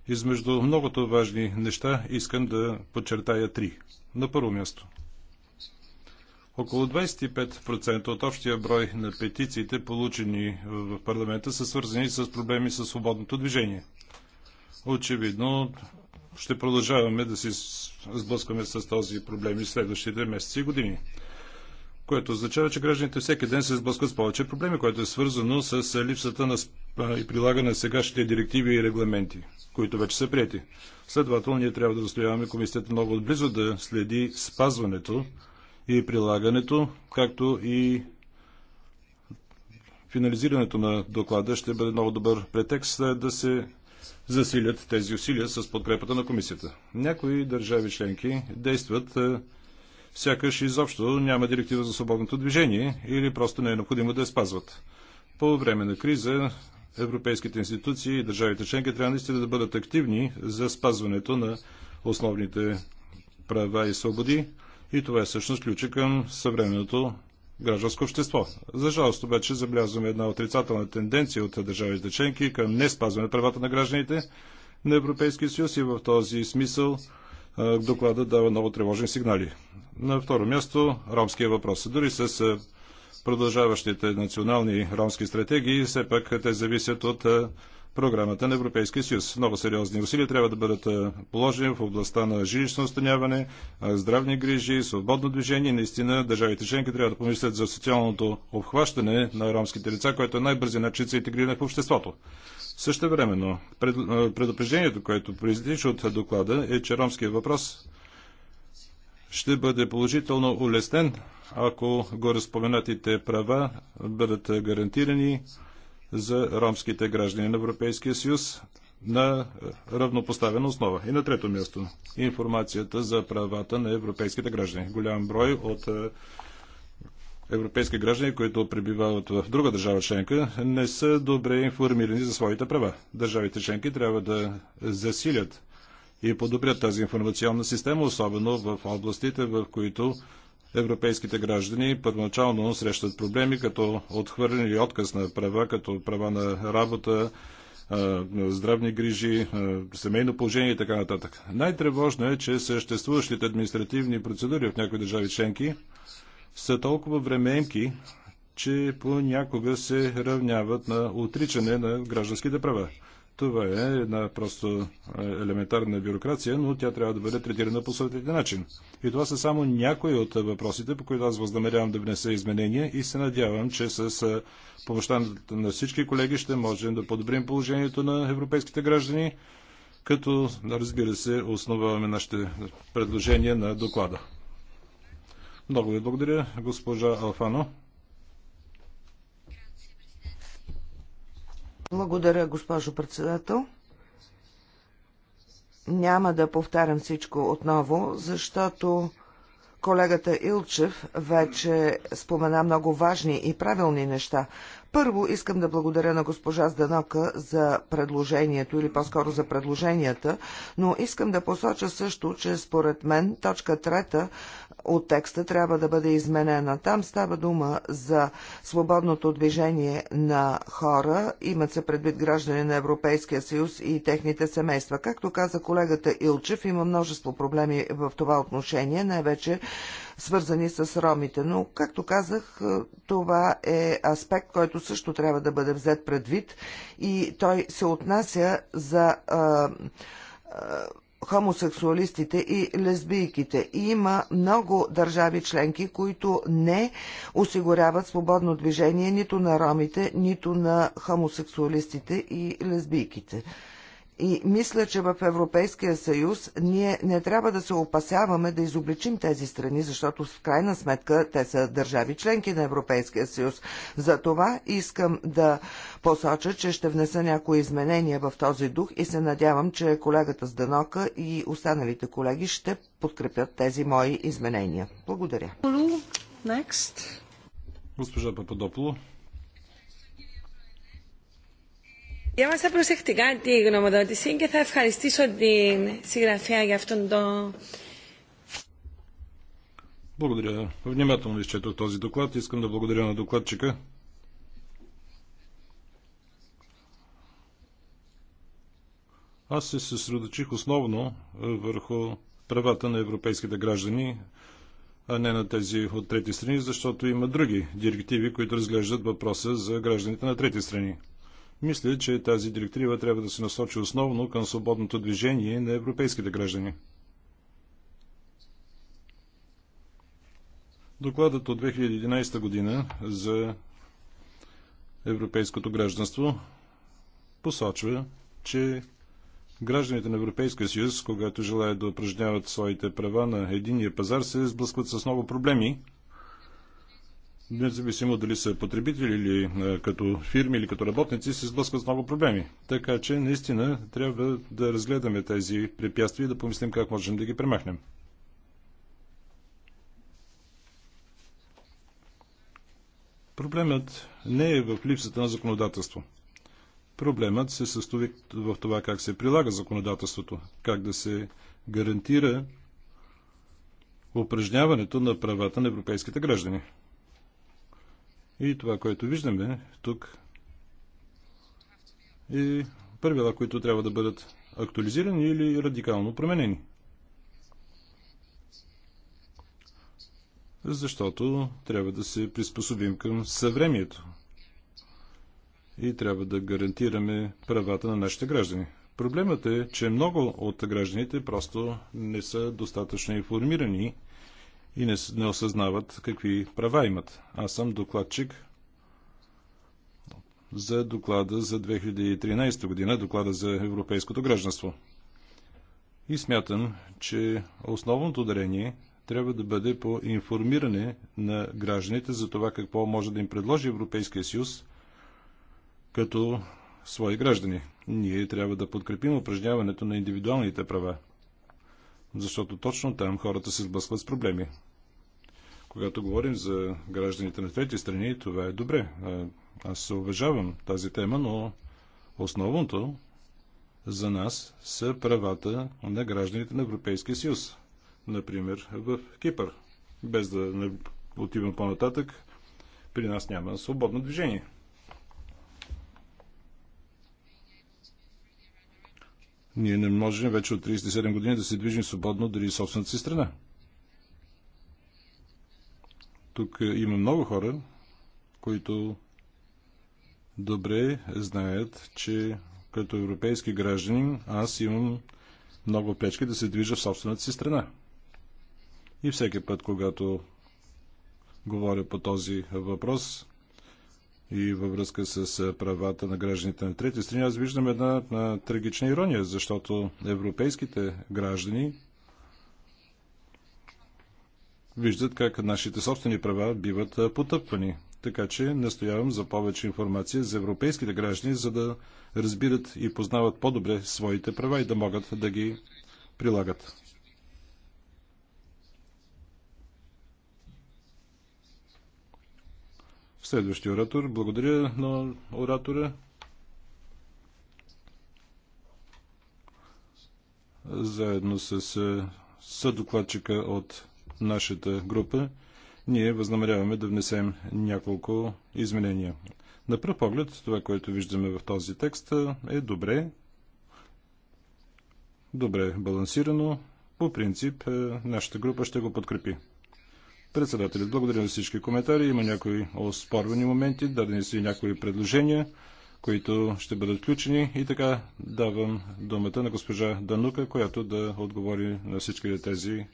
[SPEAKER 2] Измежду многото важни неща искам да подчертая три. На първо място. Около 25% от общия брой на петициите, получени в парламента, са свързани с проблеми с свободното движение. Очевидно, ще продължаваме да се сблъскваме с този проблем и следващите месеци и години което означава, че гражданите всеки ден се сблъскват с повече проблеми, което е свързано с липсата на и прилагане на сегашните директиви и регламенти, които вече са прияти. Следователно, ние трябва да настояваме комисията много отблизо да следи спазването и прилагането, както и финализирането на доклада ще бъде много добър претекст е, да се засилят тези усилия с подкрепата на комисията. Някои държави членки действат е, сякаш изобщо няма директива за свободното движение или просто не е необходимо да я спазват. По време на криза европейските институции и държавите членки трябва наистина да бъдат активни за спазването на основните права и свободи и това е всъщност ключа към съвременното гражданско общество. За жалост обаче забелязваме една отрицателна тенденция от държавите членки към не спазване правата на гражданите на Европейския съюз и в този смисъл доклада дава много тревожни сигнали. На второ място, ромския въпрос. Дори с продължаващите национални ромски стратегии, все пак те зависят от програмата на Европейския съюз. Много сериозни усилия трябва да бъдат положени в областта на жилищно останяване, здравни грижи, свободно движение. Наистина държавите членки трябва да помислят за социалното обхващане на ромските лица, което е най бързи начин да се интегрират в обществото. Също времено, пред, предупреждението, което произтича от доклада е, че ромският въпрос ще бъде положително улеснен, ако гореспоменатите права бъдат гарантирани за ромските граждани на Европейския съюз на равнопоставена основа. И на трето място, информацията за правата на европейските граждани. Голям брой от европейски граждани, които пребивават в друга държава членка, не са добре информирани за своите права. Държавите членки трябва да засилят и подобрят тази информационна система, особено в областите, в които европейските граждани първоначално срещат проблеми като отхвърлен или отказ на права, като права на работа, здравни грижи, семейно положение и така нататък. Най-тревожно е, че съществуващите административни процедури в някои държави членки са толкова временки, че понякога се равняват на отричане на гражданските права. Това е една просто е, елементарна бюрокрация, но тя трябва да бъде третирана по съответния начин. И това са само някои от въпросите, по които аз възнамерявам да внеса изменения и се надявам, че с е, помощта на всички колеги ще можем да подобрим положението на европейските граждани, като, разбира се, основаваме нашите предложения на доклада. Много ви благодаря, госпожа Алфано.
[SPEAKER 1] Благодаря, госпожо председател. Няма да повтарям всичко отново, защото колегата Илчев вече спомена много важни и правилни неща. Първо искам да благодаря на госпожа Зданока за предложението или по-скоро за предложенията, но искам да посоча също, че според мен точка трета от текста трябва да бъде изменена. Там става дума за свободното движение на хора, имат се предвид граждани на Европейския съюз и техните семейства. Както каза колегата Илчев, има множество проблеми в това отношение, най-вече свързани с ромите. Но, както казах, е, това е аспект, който също трябва да бъде взет предвид и той се отнася за а, а, хомосексуалистите и лесбийките. И има много държави членки, които не осигуряват свободно движение нито на ромите, нито на хомосексуалистите и лесбийките. И мисля, че в Европейския съюз ние не трябва да се опасяваме да изобличим тези страни, защото в крайна сметка те са държави членки на Европейския съюз. За това искам да посоча, че ще внеса някои изменения в този дух и се надявам, че колегата Зданока и останалите колеги ще подкрепят тези мои изменения. Благодаря.
[SPEAKER 3] Next.
[SPEAKER 2] Госпожа Пападополо.
[SPEAKER 3] Διάβασα προσεκτικά τη γνωμοδότηση και θα ευχαριστήσω την συγγραφέα για αυτόν τον
[SPEAKER 2] благодаря. Внимателно изчетох този доклад. Искам да благодаря на докладчика. Аз се съсредочих основно върху правата на европейските граждани, а не на тези от трети страни, защото има други директиви, които разглеждат въпроса за гражданите на трети страни. Мисля, че тази директива трябва да се насочи основно към свободното движение на европейските граждани. Докладът от 2011 година за европейското гражданство посочва, че гражданите на Европейския съюз, когато желаят да упражняват своите права на единия пазар, се сблъскват с много проблеми, независимо дали са потребители или като фирми или като работници, се сблъскват с много проблеми. Така че наистина трябва да разгледаме тези препятствия и да помислим как можем да ги премахнем. Проблемът не е в липсата на законодателство. Проблемът се състои в това как се прилага законодателството, как да се гарантира упражняването на правата на европейските граждани. И това, което виждаме тук е правила, които трябва да бъдат актуализирани или радикално променени. Защото трябва да се приспособим към съвремието и трябва да гарантираме правата на нашите граждани. Проблемът е, че много от гражданите просто не са достатъчно информирани и не, не осъзнават какви права имат. Аз съм докладчик за доклада за 2013 година, доклада за европейското гражданство. И смятам, че основното дарение трябва да бъде по информиране на гражданите за това какво може да им предложи Европейския съюз като свои граждани. Ние трябва да подкрепим упражняването на индивидуалните права – защото точно там хората се сблъскват с проблеми. Когато говорим за гражданите на трети страни, това е добре. Аз се уважавам тази тема, но основното за нас са правата на гражданите на Европейския съюз. Например, в Кипър. Без да отивам по-нататък, при нас няма свободно движение – Ние не можем вече от 37 години да се движим свободно дори собствената си страна. Тук има много хора, които добре знаят, че като европейски гражданин аз имам много печки да се движа в собствената си страна. И всеки път, когато говоря по този въпрос, и във връзка с правата на гражданите на трети страни, аз виждам една трагична ирония, защото европейските граждани виждат как нашите собствени права биват потъпвани. Така че настоявам за повече информация за европейските граждани, за да разбират и познават по-добре своите права и да могат да ги прилагат. Следващия оратор. Благодаря на оратора. Заедно с е, съдокладчика от нашата група, ние възнамеряваме да внесем няколко изменения. На пръв поглед, това, което виждаме в този текст, е добре, добре балансирано. По принцип, е, нашата група ще го подкрепи. Председателят, благодаря за всички коментари. Има някои оспорвани моменти, дадени са и някои предложения, които ще бъдат включени. И така давам думата на госпожа Данука, която да отговори на всички тези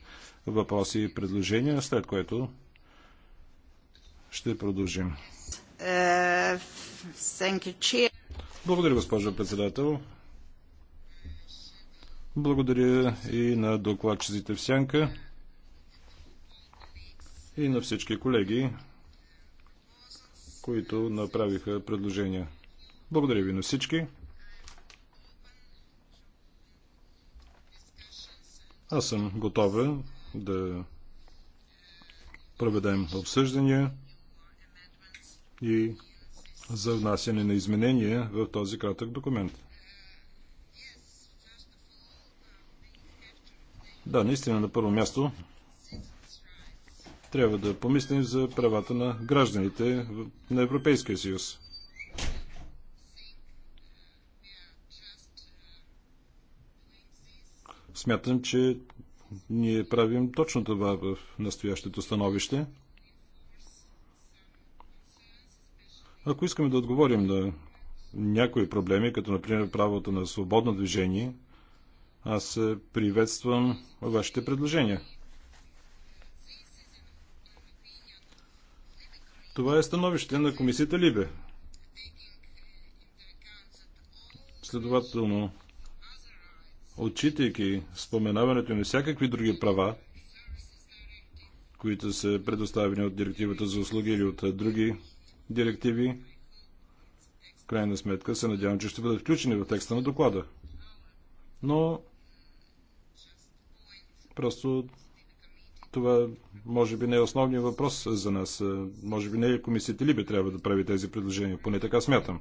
[SPEAKER 2] въпроси и предложения, след което ще продължим.
[SPEAKER 1] Е,
[SPEAKER 2] благодаря, госпожо председател. Благодаря и на докладчиците в Сянка и на всички колеги, които направиха предложения. Благодаря ви на всички. Аз съм готова да проведем обсъждания и за внасяне на изменения в този кратък документ. Да, наистина на първо място трябва да помислим за правата на гражданите на Европейския съюз. Смятам, че ние правим точно това в настоящето становище. Ако искаме да отговорим на някои проблеми, като например правото на свободно движение, аз приветствам вашите предложения. Това е становище на комисията Либе. Следователно, отчитайки споменаването на всякакви други права, които са предоставени от директивата за услуги или от други директиви, в крайна сметка се надявам, че ще бъдат включени в текста на доклада. Но просто това може би не е основният въпрос за нас. Може би не е комисията ли би трябва да прави тези предложения. Поне така смятам.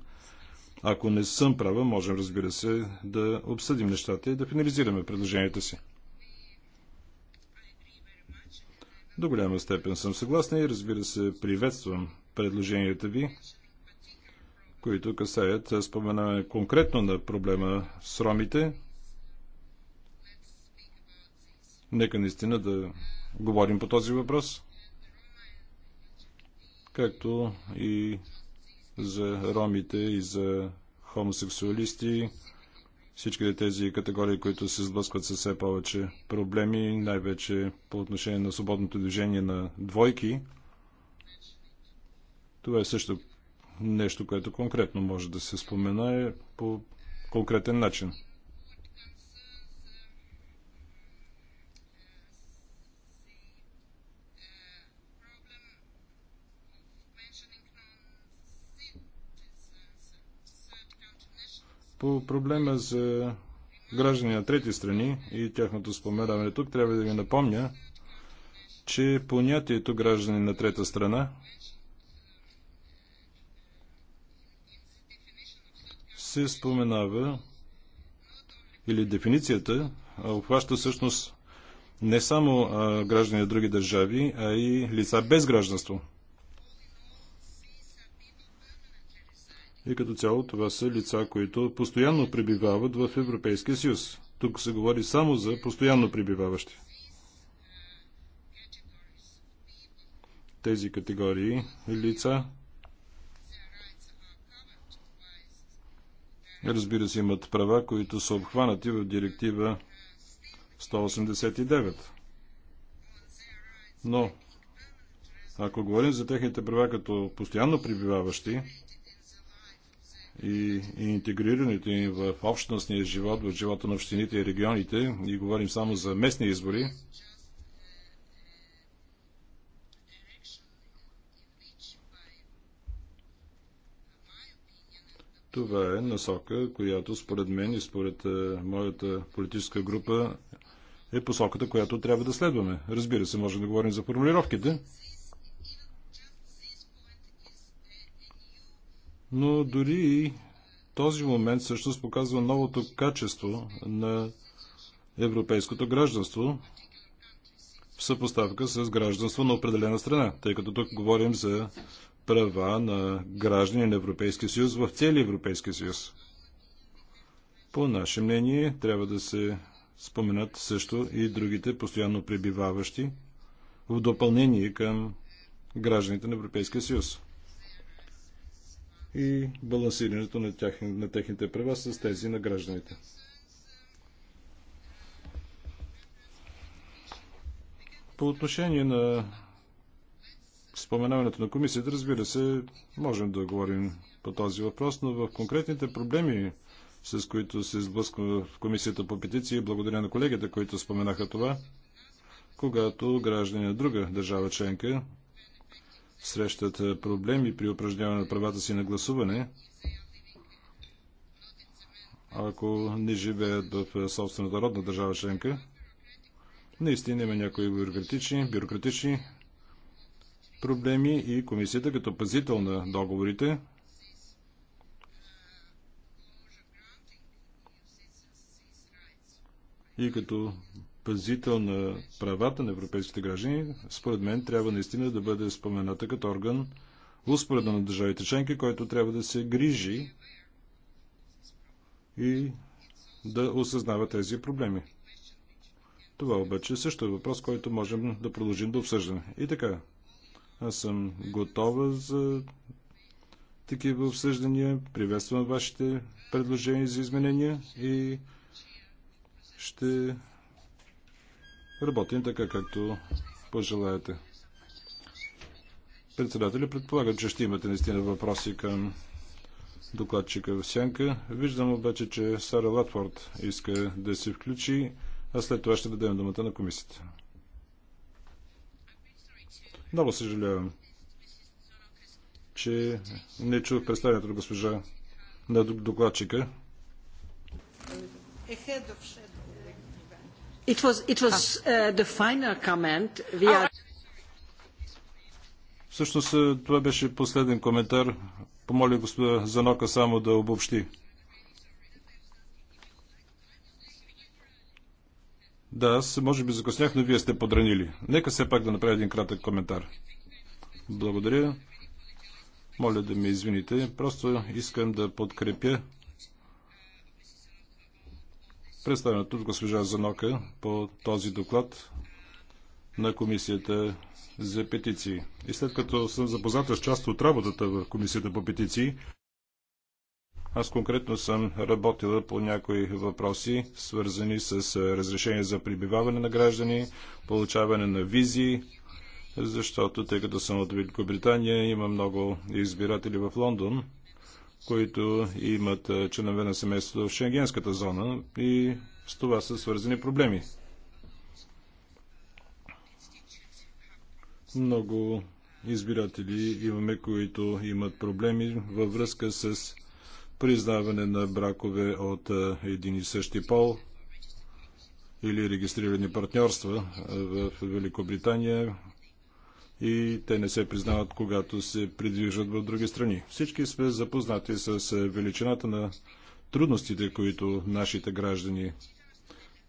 [SPEAKER 2] Ако не съм права, можем, разбира се, да обсъдим нещата и да финализираме предложенията си. До голяма степен съм съгласна и, разбира се, приветствам предложенията ви, които касаят споменаване конкретно на проблема с ромите. Нека наистина да говорим по този въпрос, както и за ромите и за хомосексуалисти, всички тези категории, които се сблъскват с все повече проблеми, най-вече по отношение на свободното движение на двойки. Това е също нещо, което конкретно може да се спомена е по конкретен начин. По проблема за граждани на трети страни и тяхното споменаване тук, трябва да ви напомня, че понятието граждани на трета страна се споменава или дефиницията обхваща всъщност не само граждани на други държави, а и лица без гражданство. И като цяло това са лица, които постоянно пребивават в Европейския съюз. Тук се говори само за постоянно пребиваващи. Тези категории лица разбира се имат права, които са обхванати в директива 189. Но ако говорим за техните права като постоянно прибиваващи, и, интегрирането им в общностния живот, в живота на общините и регионите, и говорим само за местни избори, Това е насока, която според мен и според е, моята политическа група е посоката, която трябва да следваме. Разбира се, може да говорим за формулировките. но дори и този момент всъщност показва новото качество на европейското гражданство в съпоставка с гражданство на определена страна, тъй като тук говорим за права на граждани на Европейския съюз в целия Европейския съюз. По наше мнение трябва да се споменат също и другите постоянно пребиваващи в допълнение към гражданите на Европейския съюз и балансирането на, тях, на техните права с тези на гражданите. По отношение на споменаването на комисията, разбира се, можем да говорим по този въпрос, но в конкретните проблеми, с които се сблъсква в комисията по петиции, благодаря на колегите, които споменаха това, когато граждани на друга държава членка срещат проблеми при упражняване на правата си на гласуване, ако не живеят в собствената родна държава членка. Наистина има някои бюрократични, бюрократични проблеми и комисията като пазител на договорите и като пазител на правата на европейските граждани, според мен трябва наистина да бъде спомената като орган успоредно на държавите членки, който трябва да се грижи и да осъзнава тези проблеми. Това обаче също е въпрос, който можем да продължим да обсъждаме. И така, аз съм готова за такива обсъждания. Приветствам вашите предложения за изменения и ще Работим така, както пожелаете. Председателя, предполагам, че ще имате наистина въпроси към докладчика в сянка. Виждам обаче, че Сара Латфорд иска да се включи, а след това ще дадем думата на комисията. Много съжалявам, че не чух представянето на госпожа на докладчика.
[SPEAKER 1] Ahead of shadow
[SPEAKER 2] It was, it was uh, the final comment. We are... Всъщност е, това беше последен коментар. Помоля господа Занока само да обобщи. Да, аз може би закъснях, но вие сте подранили. Нека все пак да направя един кратък коментар. Благодаря. Моля да ме извините. Просто искам да подкрепя представеното от госпожа Занока по този доклад на Комисията за петиции. И след като съм запозната с част от работата в Комисията по петиции, аз конкретно съм работила по някои въпроси, свързани с разрешение за прибиваване на граждани, получаване на визи, защото тъй като съм от Великобритания, има много избиратели в Лондон, които имат членове на семейството в Шенгенската зона и с това са свързани проблеми. Много избиратели имаме, които имат проблеми във връзка с признаване на бракове от един и същи пол или регистрирани партньорства в Великобритания, и те не се признават, когато се придвижват в други страни. Всички сме запознати с величината на трудностите, които нашите граждани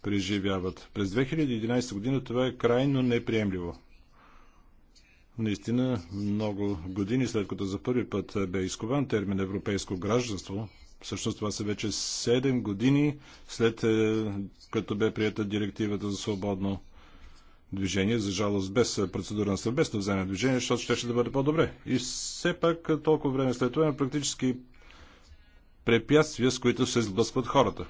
[SPEAKER 2] преживяват. През 2011 година това е крайно неприемливо. Наистина, много години след като за първи път бе изкован термин европейско гражданство, всъщност това са вече 7 години след е, като бе прията директивата за свободно движение, за жалост без процедура на съвместно на движение, защото ще, ще да бъде по-добре. И все пак толкова време след това има практически препятствия, с които се сблъскват хората.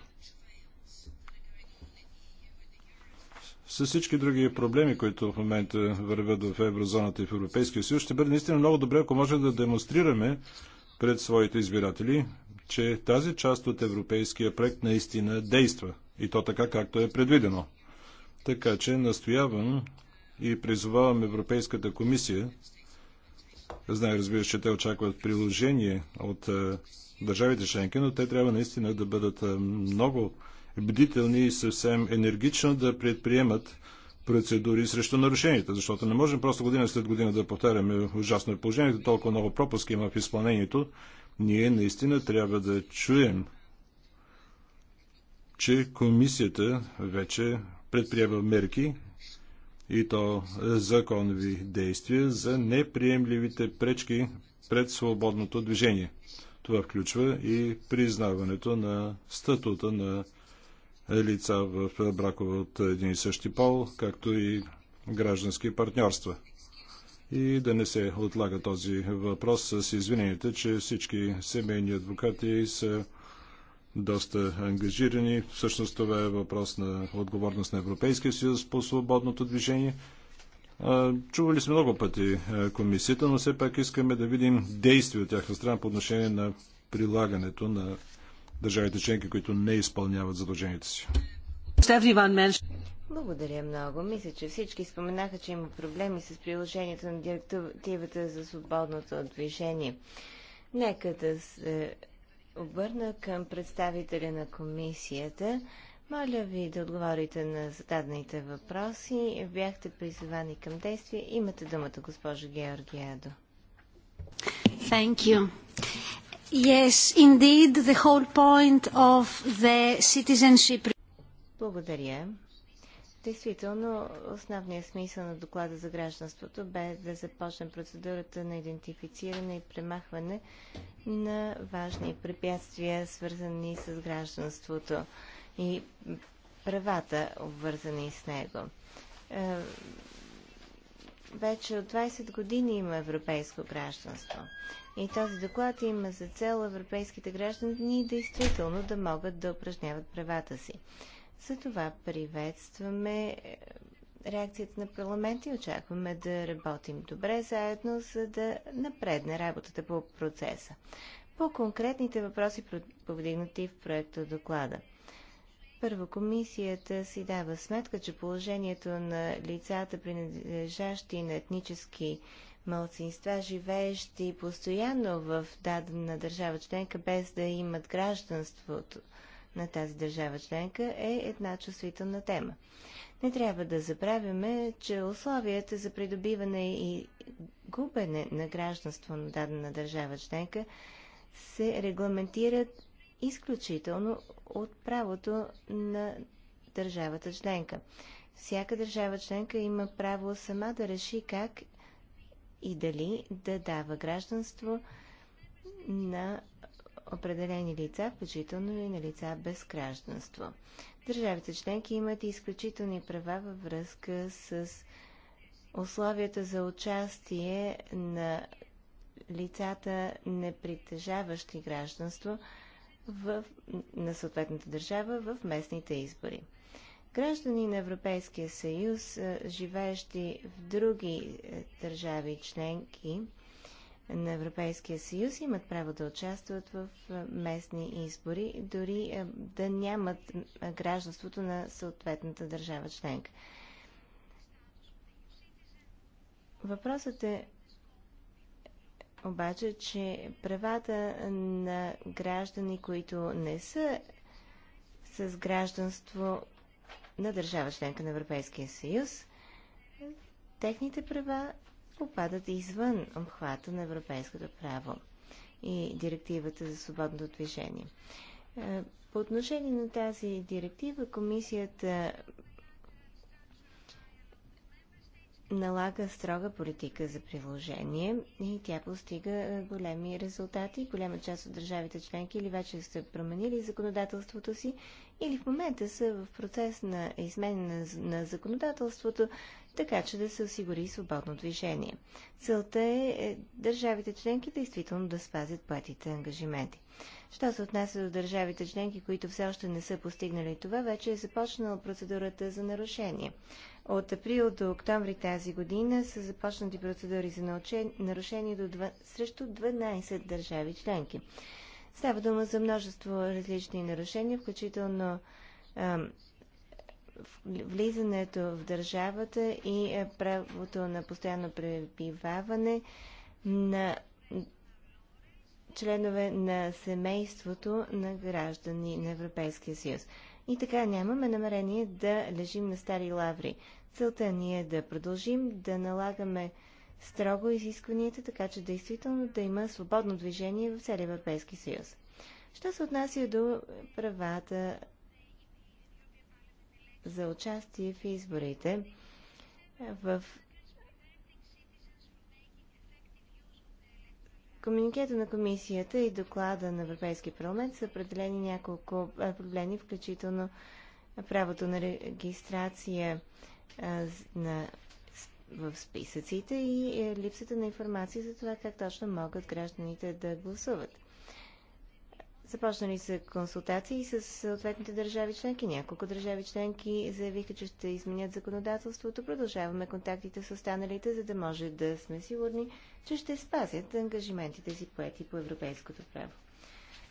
[SPEAKER 2] С всички други проблеми, които в момента вървят в еврозоната и в Европейския съюз, ще бъде наистина много добре, ако може да демонстрираме пред своите избиратели, че тази част от европейския проект наистина действа. И то така, както е предвидено. Така че настоявам и призовавам Европейската комисия. Знае, разбира се, че те очакват приложение от е, държавите членки, но те трябва наистина да бъдат е, много бдителни и съвсем енергично да предприемат процедури срещу нарушенията, защото не можем просто година след година да повтаряме ужасно положение, положението, толкова много пропуски има в изпълнението. Ние наистина трябва да чуем, че комисията вече предприема мерки и то законови действия за неприемливите пречки пред свободното движение. Това включва и признаването на статута на лица в бракове от един и същи пол, както и граждански партньорства. И да не се отлага този въпрос с извинението, че всички семейни адвокати са доста ангажирани. Всъщност това е въпрос на отговорност на Европейския съюз по свободното движение. Чували сме много пъти комисията, но все пак искаме да видим действия от тяхна страна по отношение на прилагането на държавите членки, които не изпълняват задълженията си.
[SPEAKER 3] Благодаря много. Мисля, че всички споменаха, че има проблеми с приложението на директивата за свободното движение. Нека да се обърна към представителя на комисията. Моля ви да отговорите на зададените въпроси. Бяхте призовани към действие. Имате думата, госпожо Георгиадо. Thank you. Yes, indeed, the whole point of the citizenship... Благодаря. Действително, основният смисъл на доклада за гражданството бе да започне процедурата на идентифициране и премахване на важни препятствия, свързани с гражданството и правата, обвързани с него. Е, вече от 20 години има европейско гражданство. И този доклад има за цел европейските граждани действително да могат да упражняват правата си. За това приветстваме е, реакцията на парламента и очакваме да работим добре заедно, за да напредне работата по процеса. По конкретните въпроси, повдигнати в проекта доклада. Първо, комисията си дава сметка, че положението на лицата, принадлежащи на етнически малцинства, живеещи постоянно в дадена държава членка, без да имат гражданството на тази държава членка е една чувствителна тема. Не трябва да забравяме, че условията за придобиване и губене на гражданство на дадена държава членка се регламентират изключително от правото на държавата членка. Всяка държава членка има право сама да реши как и дали да дава гражданство на определени лица, включително и на лица без гражданство. Държавите членки имат изключителни права във връзка с условията за участие на лицата, не притежаващи гражданство в, на съответната държава в местните избори. Граждани на Европейския съюз, живеещи в други е, държави членки, на Европейския съюз имат право да участват в местни избори, дори да нямат гражданството на съответната държава членка. Въпросът е обаче, че правата на граждани, които не са с гражданство на държава членка на Европейския съюз, техните права попадат извън обхвата на европейското право и директивата за свободното движение. Е, по отношение на тази директива, комисията налага строга политика за приложение и тя постига е, големи резултати. Голяма част от държавите членки или вече са променили законодателството си, или в момента са в процес на измене на, на законодателството, така че да се осигури свободно движение. Целта е, е държавите членки действително да спазят платите ангажименти. Що се отнася до държавите членки, които все още не са постигнали това, вече е започнала процедурата за нарушение. От април до октомври тази година са започнати процедури за нарушение до 2, срещу 12 държави членки. Става дума за множество различни нарушения, включително ам, влизането в държавата и е, правото на постоянно пребиваване на членове на семейството на граждани на Европейския съюз. И така нямаме намерение да лежим на стари лаври. Целта ни е да продължим да налагаме строго изискванията, така че действително да има свободно движение в целия Европейски съюз. Що се отнася до правата за участие в изборите в Комуникета на комисията и доклада на Европейския парламент са определени няколко проблеми, включително правото на регистрация на, в списъците и е, липсата на информация за това как точно могат гражданите да гласуват. Започнали са консултации с съответните държави членки. Няколко държави членки заявиха, че ще изменят законодателството. Продължаваме контактите с останалите, за да може да сме сигурни, че ще спазят ангажиментите си поети по европейското право.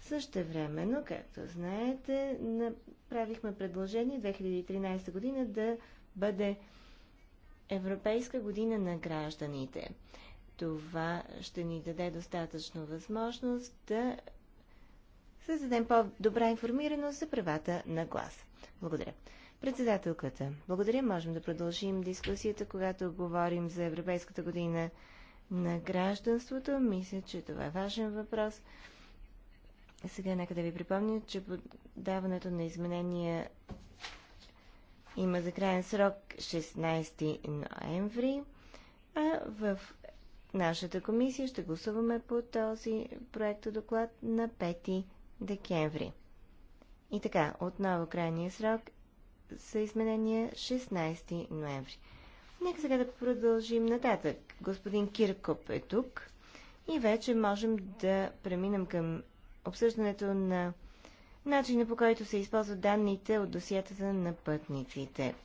[SPEAKER 3] Също времено, както знаете, направихме предложение 2013 година да бъде Европейска година на гражданите. Това ще ни даде достатъчно възможност да за дадем по-добра информираност за правата на глас. Благодаря. Председателката, благодаря. Можем да продължим дискусията, когато говорим за Европейската година на гражданството. Мисля, че това е важен въпрос. Сега нека да ви припомня, че подаването на изменения има за крайен срок 16 ноември, а в нашата комисия ще гласуваме по този проект доклад на 5 декември. И така, отново крайния срок за изменения 16 е ноември. Нека сега да продължим нататък. Господин Киркоп е тук и вече можем да преминем към обсъждането на начина по който се използват данните от досиетата на пътниците.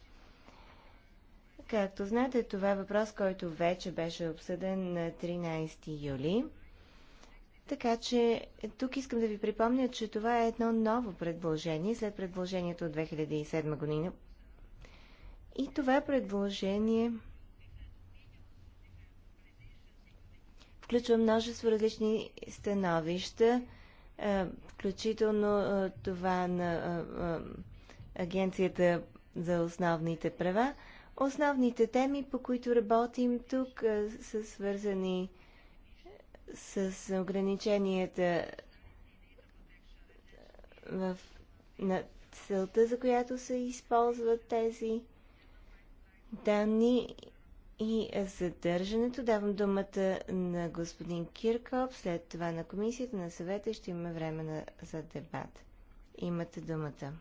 [SPEAKER 3] Както знаете, това е въпрос, който вече беше обсъден на 13 юли. Така че тук искам да ви припомня, че това е едно ново предложение след предложението от 2007 година. И това предложение включва множество различни становища, включително това на Агенцията за основните права. Основните теми, по които работим тук, са свързани с ограниченията в, на целта, за която се използват тези данни и задържането. Давам думата на господин Киркоп, след това на комисията, на съвета ще има време на, за дебат. Имате думата.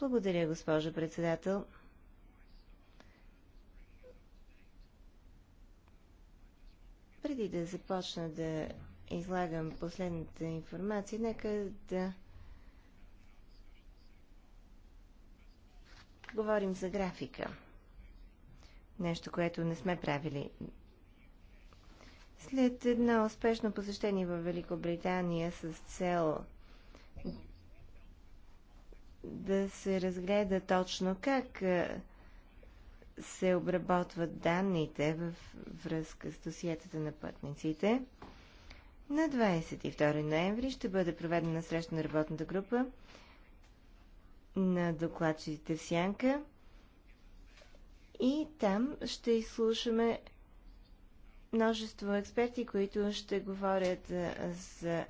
[SPEAKER 3] Благодаря, госпожо председател. Преди да започна да излагам последната информация, нека да говорим за графика. Нещо, което не сме правили. След едно успешно посещение в Великобритания с цел да се разгледа точно как се обработват данните в връзка с досиетата на пътниците. На 22 ноември ще бъде проведена среща на работната група на докладчиците в Сянка и там ще изслушаме множество експерти, които ще говорят за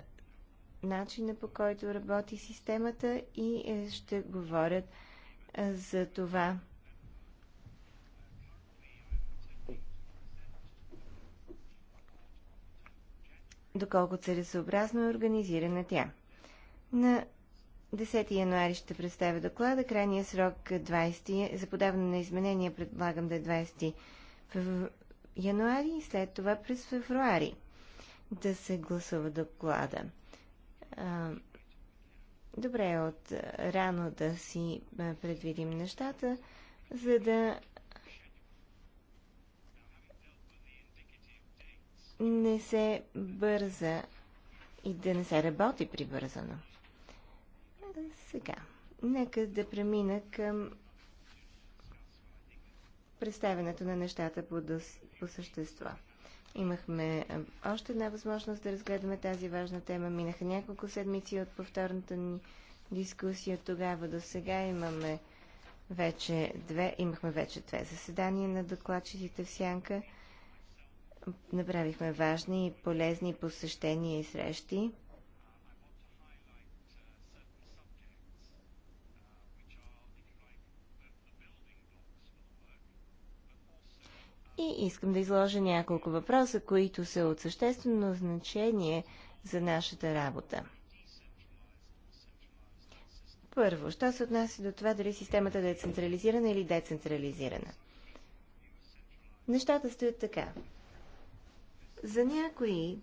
[SPEAKER 3] начина по който работи системата и е, ще говорят за това доколко целесообразно е организирана тя. На 10 януари ще представя доклада. Крайният срок 20, е- за подаване на изменения предлагам да е 20 в януари и след това през февруари да се гласува доклада. Добре добре, от рано да си предвидим нещата, за да не се бърза и да не се работи прибързано. Сега, нека да премина към представянето на нещата по, дос, по същество. Имахме още една възможност да разгледаме тази важна тема. Минаха няколко седмици от повторната ни дискусия от тогава до сега. Имаме вече две, имахме вече две заседания на докладчиците в Сянка – Направихме важни и полезни посещения и срещи. И искам да изложа няколко въпроса, които са от съществено значение за нашата работа. Първо, що се отнася до това дали системата да е централизирана или децентрализирана? Нещата стоят така. За някои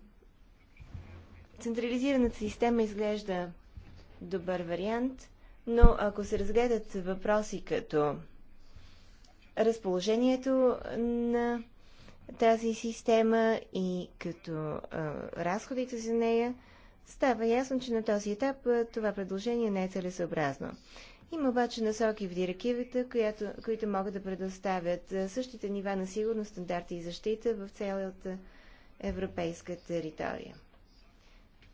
[SPEAKER 3] централизираната система изглежда добър вариант, но ако се разгледат въпроси като разположението на тази система и като а, разходите за нея, става ясно, че на този етап а, това предложение не е целесообразно. Има обаче насоки в директивата, която, които могат да предоставят същите нива на сигурност, стандарти и защита в цялата европейска територия.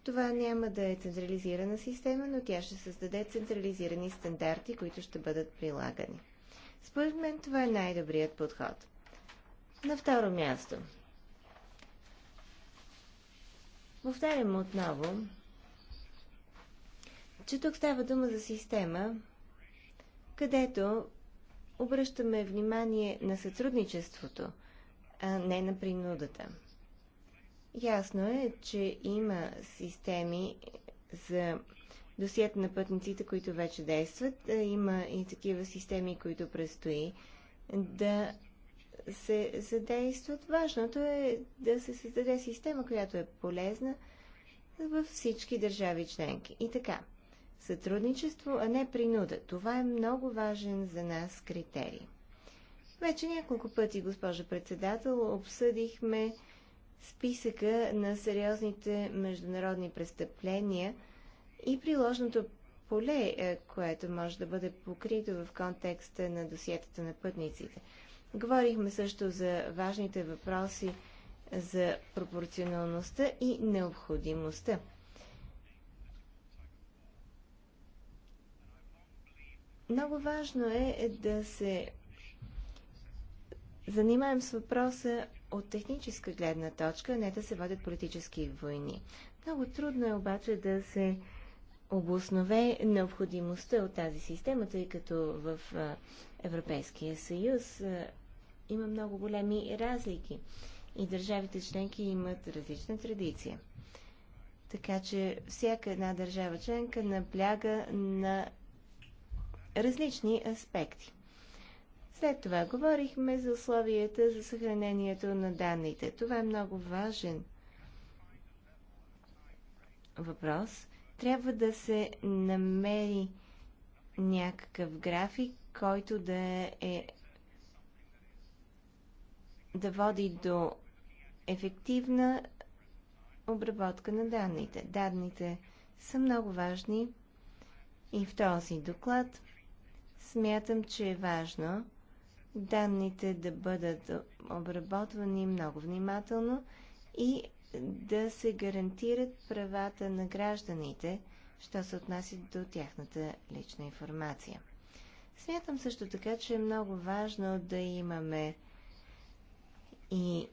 [SPEAKER 3] Това няма да е централизирана система, но тя ще създаде централизирани стандарти, които ще бъдат прилагани. Според мен това е най-добрият подход. На второ място. Повтарям отново, че тук става дума за система, където обръщаме внимание на сътрудничеството, а не на принудата. Ясно е, че има системи за досият на пътниците, които вече действат. Е, има и такива системи, които предстои да се задействат. Важното е да се създаде система, която е полезна във всички държави членки. И така, сътрудничество, а не принуда. Това е много важен за нас критерий. Вече няколко пъти, госпожа председател, обсъдихме списъка на сериозните международни престъпления и приложното поле, е, което може да бъде покрито в контекста на досиетата на пътниците. Говорихме също за важните въпроси за пропорционалността и необходимостта. Много важно е да се занимаем с въпроса от техническа гледна точка, не да се водят политически войни. Много трудно е обаче да се обоснове необходимостта от тази система, тъй като в Европейския съюз има много големи разлики и държавите членки имат различна традиция. Така че всяка една държава членка набляга на различни аспекти. След това говорихме за условията за съхранението на данните. Това е много важен въпрос. Трябва да се намери някакъв график, който да е да води до ефективна обработка на данните. Данните са много важни и в този доклад смятам, че е важно данните да бъдат обработвани много внимателно и да се гарантират правата на гражданите, що се отнася до тяхната лична информация. Смятам също така, че е много важно да имаме и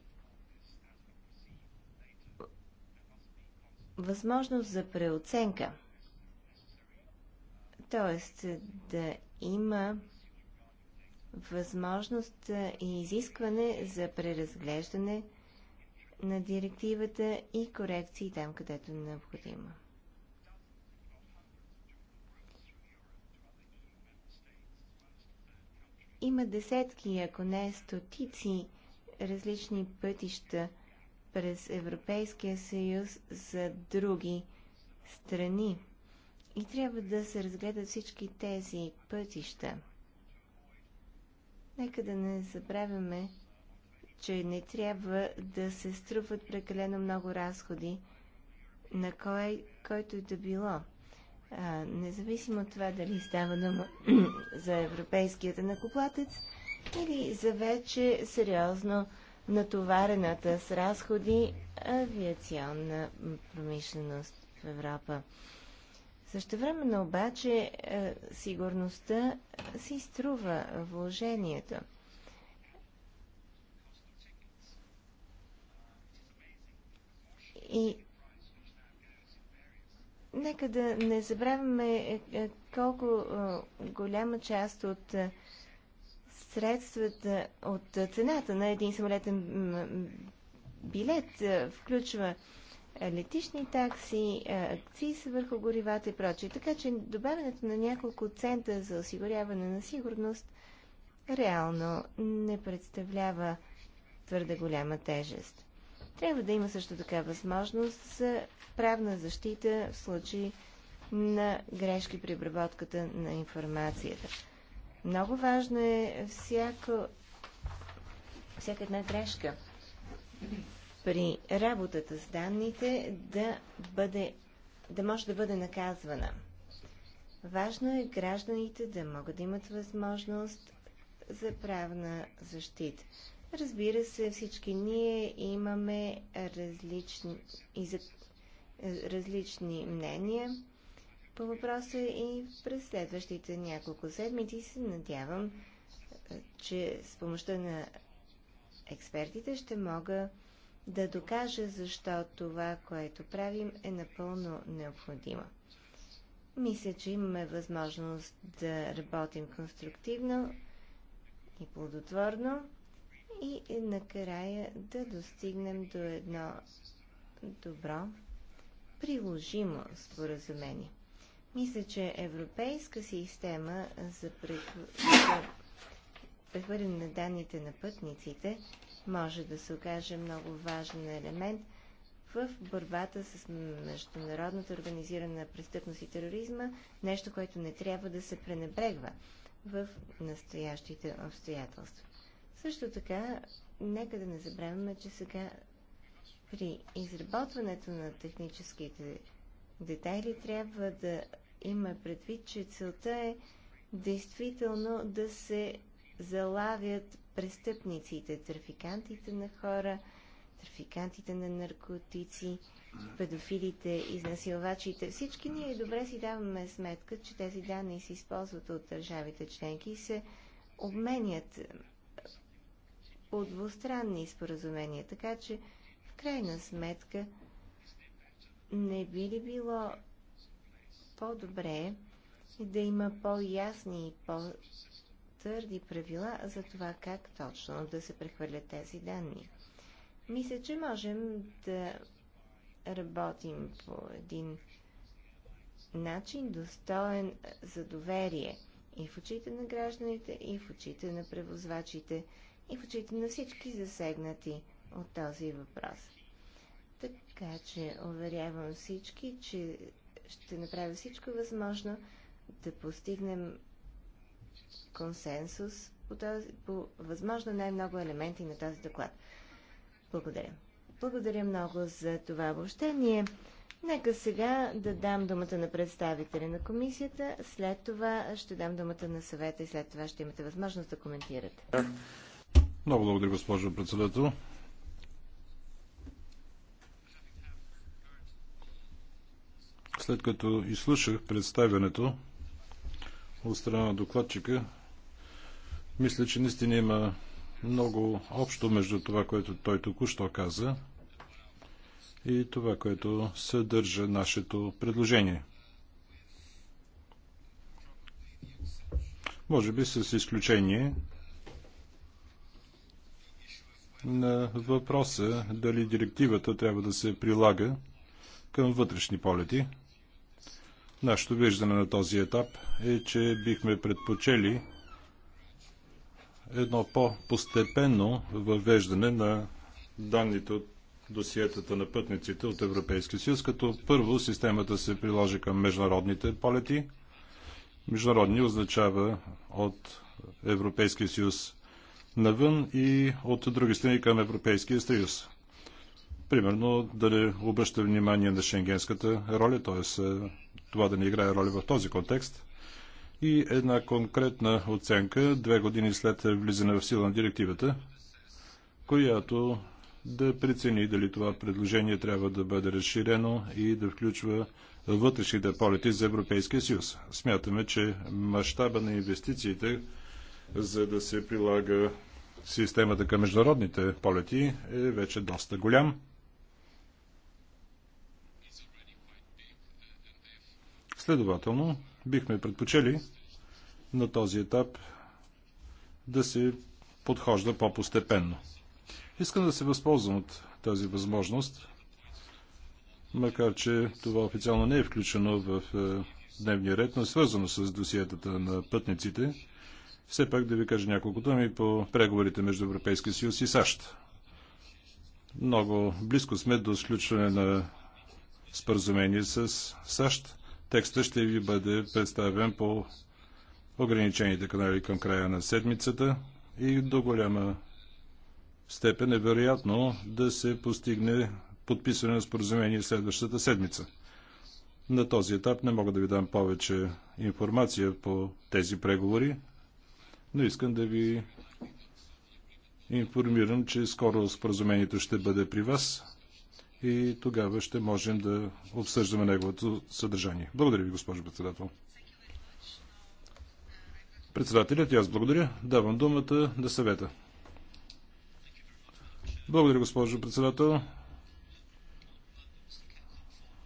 [SPEAKER 3] възможност за преоценка. Тоест да има възможност и изискване за преразглеждане на директивата и корекции там, където е необходимо. Има десетки, ако не стотици, различни пътища през Европейския съюз за други страни. И трябва да се разгледат всички тези пътища – Нека да не забравяме, че не трябва да се струват прекалено много разходи на кой, който и да било. А, независимо от това дали става дума за европейският накоплатец или за вече сериозно натоварената с разходи авиационна промишленост в Европа. Същевременно обаче е, сигурността си струва вложението. И нека да не забравяме е, е, колко голяма част от средствата от цената на един самолетен билет включва летишни такси, е, акциз върху горивата и прочие. Така че добавянето на няколко цента за осигуряване на сигурност реално не представлява твърде голяма тежест. Трябва да има също така възможност за правна защита в случай на грешки при обработката на информацията. Много важно е всяко, всяка една грешка при работата с данните да, бъде, да може да бъде наказвана. Важно е гражданите да могат да имат възможност за правна защита. Разбира се, всички ние имаме различни, различни мнения по въпроса и през следващите няколко седмици се надявам, че с помощта на експертите ще мога да докажа, защо това, което правим, е напълно необходимо. Мисля, че имаме възможност да работим конструктивно и плодотворно и накрая да достигнем до едно добро, приложимо споразумение. Мисля, че европейска система за прехвърляне на данните на пътниците може да се окаже много важен елемент в борбата с международната организирана престъпност и тероризма, нещо, което не трябва да се пренебрегва в настоящите обстоятелства. Също така, нека да не забравяме, че сега при изработването на техническите детайли трябва да има предвид, че целта е действително да се залавят престъпниците, трафикантите на хора, трафикантите на наркотици, педофилите, изнасилвачите. Всички ние добре си даваме сметка, че тези данни се използват от държавите членки и се обменят по двустранни споразумения. Така че, в крайна сметка, не би ли било по-добре да има по-ясни и по твърди правила за това как точно да се прехвърлят тези данни. Мисля, че можем да работим по един начин достоен за доверие и в очите на гражданите, и в очите на превозвачите, и в очите на всички засегнати от този въпрос. Така че уверявам всички, че ще направя всичко възможно да постигнем консенсус по, тази, по възможно най-много елементи на този доклад. Благодаря. Благодаря много за това обобщение. Нека сега да дам думата на представителя на комисията, след това ще дам думата на съвета и след това ще имате възможност да коментирате.
[SPEAKER 2] Много благодаря, госпожо председател. След като изслушах представянето от страна на докладчика. Мисля, че наистина има много общо между това, което той току-що каза и това, което съдържа нашето предложение. Може би с изключение на въпроса дали директивата трябва да се прилага към вътрешни полети – Нашето виждане на този етап е, че бихме предпочели едно по-постепенно въвеждане на данните от досиетата на пътниците от Европейския съюз, като първо системата се приложи към международните полети. Международни означава от Европейския съюз навън и от други страни към Европейския съюз. Примерно да не обръща внимание на шенгенската роля, т.е това да не играе роля в този контекст. И една конкретна оценка две години след влизане в сила на директивата, която да прецени дали това предложение трябва да бъде разширено и да включва вътрешните полети за Европейския съюз. Смятаме, че мащаба на инвестициите, за да се прилага системата към международните полети, е вече доста голям. Следователно, бихме предпочели на този етап да се подхожда по-постепенно. Искам да се възползвам от тази възможност, макар че това официално не е включено в е, дневния ред, но е свързано с досиетата на пътниците. Все пак да ви кажа няколко думи по преговорите между Европейския съюз и САЩ. Много близко сме до сключване на споразумение с САЩ Текстът ще ви бъде представен по ограничените канали към края на седмицата и до голяма степен е вероятно да се постигне подписване на споразумение следващата седмица. На този етап не мога да ви дам повече информация по тези преговори, но искам да ви информирам, че скоро споразумението ще бъде при вас и тогава ще можем да обсъждаме неговото съдържание. Благодаря ви, госпожо председател. Председателят, аз благодаря. Давам думата на съвета. Благодаря, госпожо председател.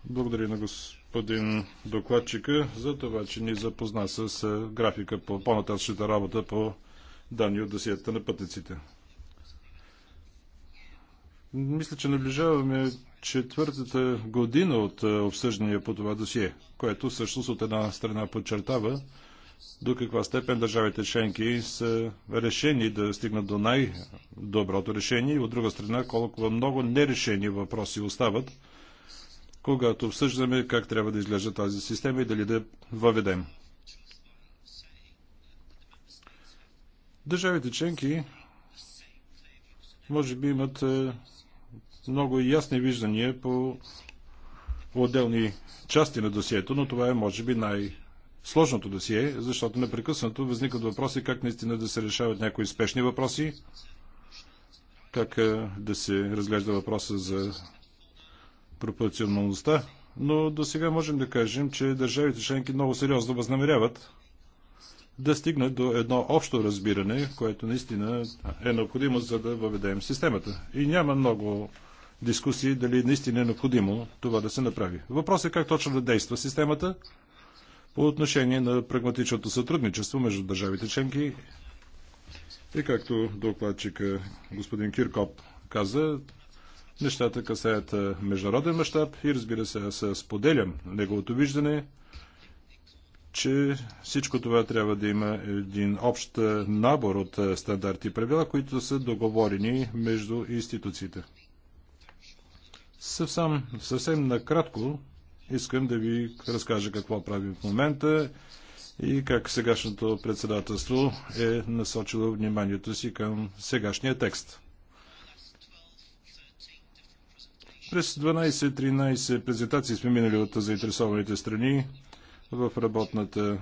[SPEAKER 2] Благодаря на господин докладчика за това, че ни запозна с графика по по-нататъчната работа по данни от досиетата на пътниците. Мисля, че наближаваме четвъртата година от е, обсъждания по това досие, което всъщност от една страна подчертава до каква степен държавите членки са решени да стигнат до най-доброто решение и от друга страна колко много нерешени въпроси остават, когато обсъждаме как трябва да изглежда тази система и дали да въведем. Държавите членки може би имат е, много ясни виждания по отделни части на досието, но това е може би най- сложното досие, защото непрекъснато възникват въпроси как наистина да се решават някои спешни въпроси, как е, да се разглежда въпроса за пропорционалността, но до сега можем да кажем, че държавите членки много сериозно възнамеряват да стигнат до едно общо разбиране, което наистина е необходимо за да въведем системата. И няма много дискусии дали наистина е необходимо това да се направи. Въпросът е как точно да действа системата по отношение на прагматичното сътрудничество между държавите членки и както докладчика господин Киркоп каза, нещата касаят международен мащаб и разбира се, аз споделям неговото виждане, че всичко това трябва да има един общ набор от стандарти и правила, които са договорени между институциите. Съвсем, съвсем накратко искам да ви разкажа какво правим в момента и как сегашното председателство е насочило вниманието си към сегашния текст. През 12-13 презентации сме минали от заинтересованите страни в работната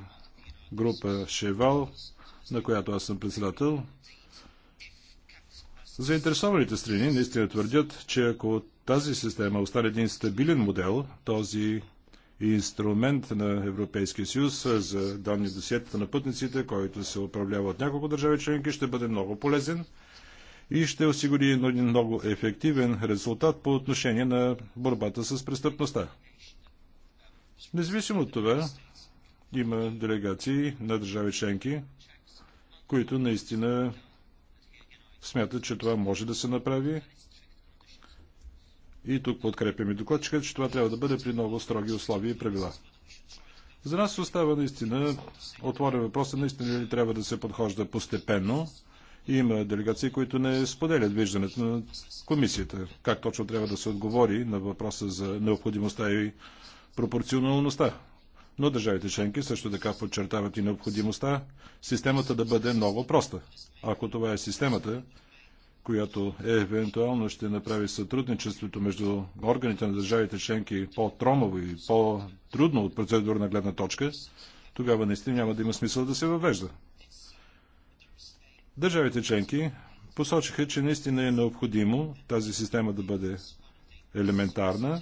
[SPEAKER 2] група Шевал, на която аз съм председател. Заинтересованите страни наистина твърдят, че ако от тази система остане един стабилен модел, този инструмент на Европейския съюз за данни досиетата на пътниците, който се управлява от няколко държави членки, ще бъде много полезен и ще осигури един много ефективен резултат по отношение на борбата с престъпността. Независимо от това, има делегации на държави членки, които наистина смятат, че това може да се направи и тук подкрепяме докладчика, че това трябва да бъде при много строги условия и правила. За нас остава наистина отворен въпрос, наистина ли трябва да се подхожда постепенно. И има делегации, които не споделят виждането на комисията. Как точно трябва да се отговори на въпроса за необходимостта и пропорционалността. Но държавите членки също така подчертават и необходимостта системата да бъде много проста. Ако това е системата, която е, евентуално ще направи сътрудничеството между органите на държавите членки по тромово и по-трудно от процедурна гледна точка, тогава наистина няма да има смисъл да се въвежда. Държавите членки посочиха, че наистина е необходимо тази система да бъде елементарна.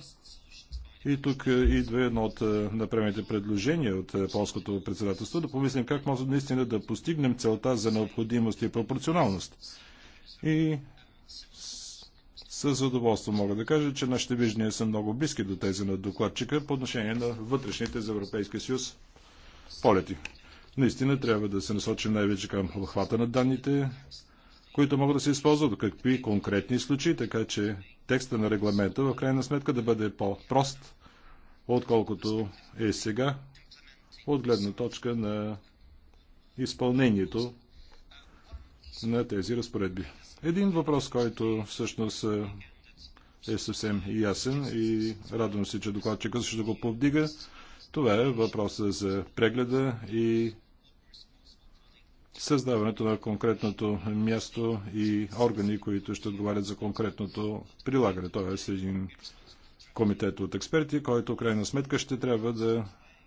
[SPEAKER 2] И тук идва едно от направените предложения от полското председателство да помислим как може наистина да постигнем целта за необходимост и пропорционалност. И с задоволство мога да кажа, че нашите виждания са много близки до тези на докладчика по отношение на вътрешните за Европейския съюз полети. Наистина трябва да се насочим най-вече към обхвата на данните, които могат да се използват, какви конкретни случаи, така че текста на регламента в крайна сметка да бъде по-прост, отколкото е сега, от гледна точка на изпълнението на тези разпоредби. Един въпрос, който всъщност е, е съвсем ясен и радвам се, че докладчика ще го повдига. Това е въпроса за прегледа и създаването на конкретното място и органи, които ще отговарят за конкретното прилагане. е един комитет от експерти, който крайна сметка ще трябва да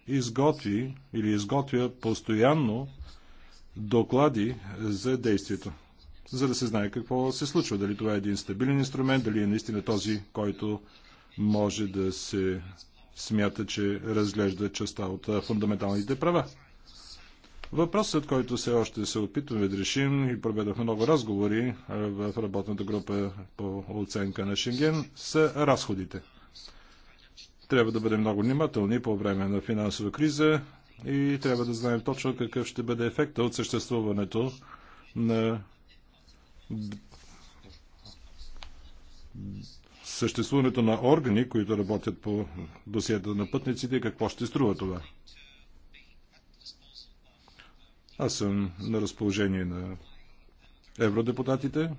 [SPEAKER 2] изготви или изготвя постоянно доклади за действието, за да се знае какво се случва. Дали това е един стабилен инструмент, дали е наистина този, който може да се смята, че разглежда частта от фундаменталните права. Въпросът, който все още се опитваме да решим и проведохме много разговори в работната група по оценка на Шенген, са разходите. Трябва да бъдем много внимателни по време на финансова криза и трябва да знаем точно какъв ще бъде ефекта от съществуването на съществуването на органи, които работят по досиета на пътниците и какво ще струва това. Аз съм на разположение на евродепутатите.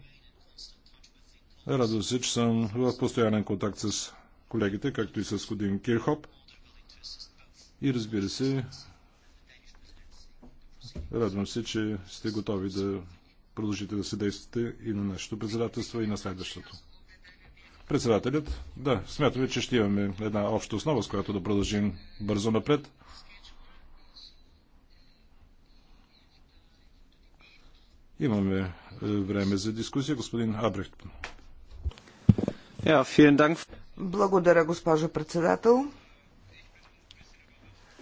[SPEAKER 2] Радвам се, че съм в постоянен контакт с колегите, както и с господин Кирхоп. И разбира се, радвам се, че сте готови да продължите да се действате и на нашето председателство, и на следващото. Председателят, да, смятаме, че ще имаме една обща основа, с която да продължим бързо напред. Имаме е, време за дискусия. Господин Абрехт.
[SPEAKER 1] Благодаря, госпожо председател.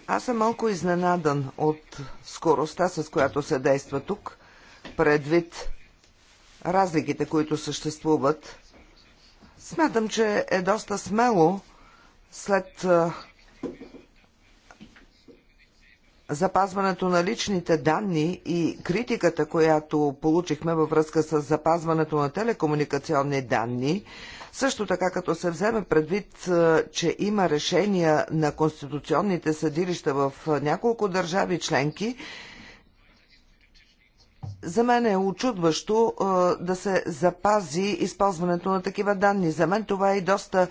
[SPEAKER 1] Аз съм малко изненадан от скоростта, с която се действа тук, предвид разликите, които съществуват. Смятам, че е доста смело след запазването на личните данни и критиката, която получихме във връзка с запазването на телекомуникационни данни, също така като се вземе предвид, че има решения на конституционните съдилища в няколко държави членки, за мен е очудващо да се запази използването на такива данни. За мен това е и доста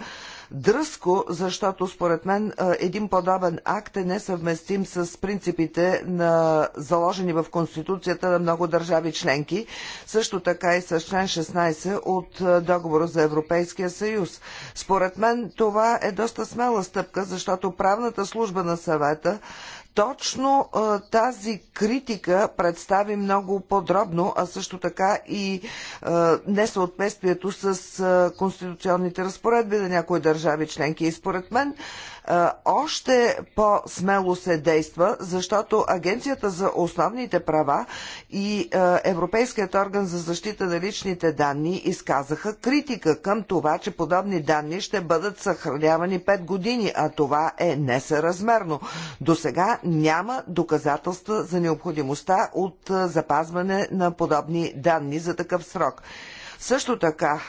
[SPEAKER 1] дръско, защото според мен един подобен акт е несъвместим с принципите на заложени в Конституцията на много държави членки, също така и с член 16 от Договора за Европейския съюз. Според мен това е доста смела стъпка, защото правната служба на съвета точно тази критика представи много подробно, а също така и несъответствието с конституционните разпоредби на някои държави членки. И според мен е, още по-смело се действа, защото Агенцията за основните права и е, Европейският орган за защита на личните данни изказаха критика към това, че подобни данни ще бъдат съхранявани 5 години, а това е несъразмерно. До сега няма доказателства за необходимостта от е, запазване на подобни данни за такъв срок. Също така,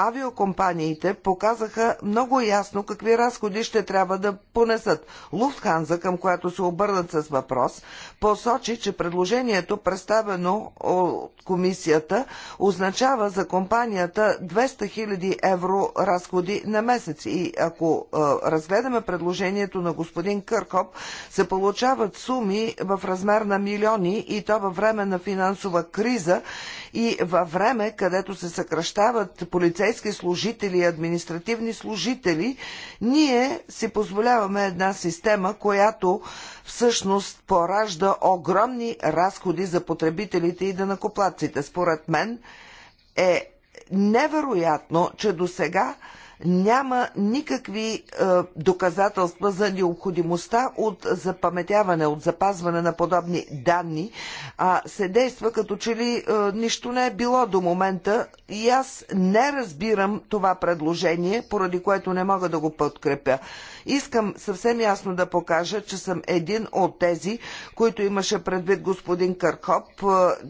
[SPEAKER 1] авиокомпаниите показаха много ясно какви разходи ще трябва да понесат. Луфтханза, към която се обърнат с въпрос, посочи, че предложението, представено от комисията, означава за компанията 200 000 евро разходи на месец. И ако разгледаме предложението на господин Къркоп, се получават суми в размер на милиони и то във време на финансова криза и във време, където се съкръщават по полицейски служители и административни служители, ние си позволяваме една система, която всъщност поражда огромни разходи за потребителите и данакоплатците. Според мен е невероятно, че до сега няма никакви е, доказателства за необходимостта от запаметяване, от запазване на подобни данни, а се действа като че ли е, нищо не е било до момента и аз не разбирам това предложение, поради което не мога да го подкрепя. Искам съвсем ясно да покажа, че съм един от тези, които имаше предвид господин Къркоп, е,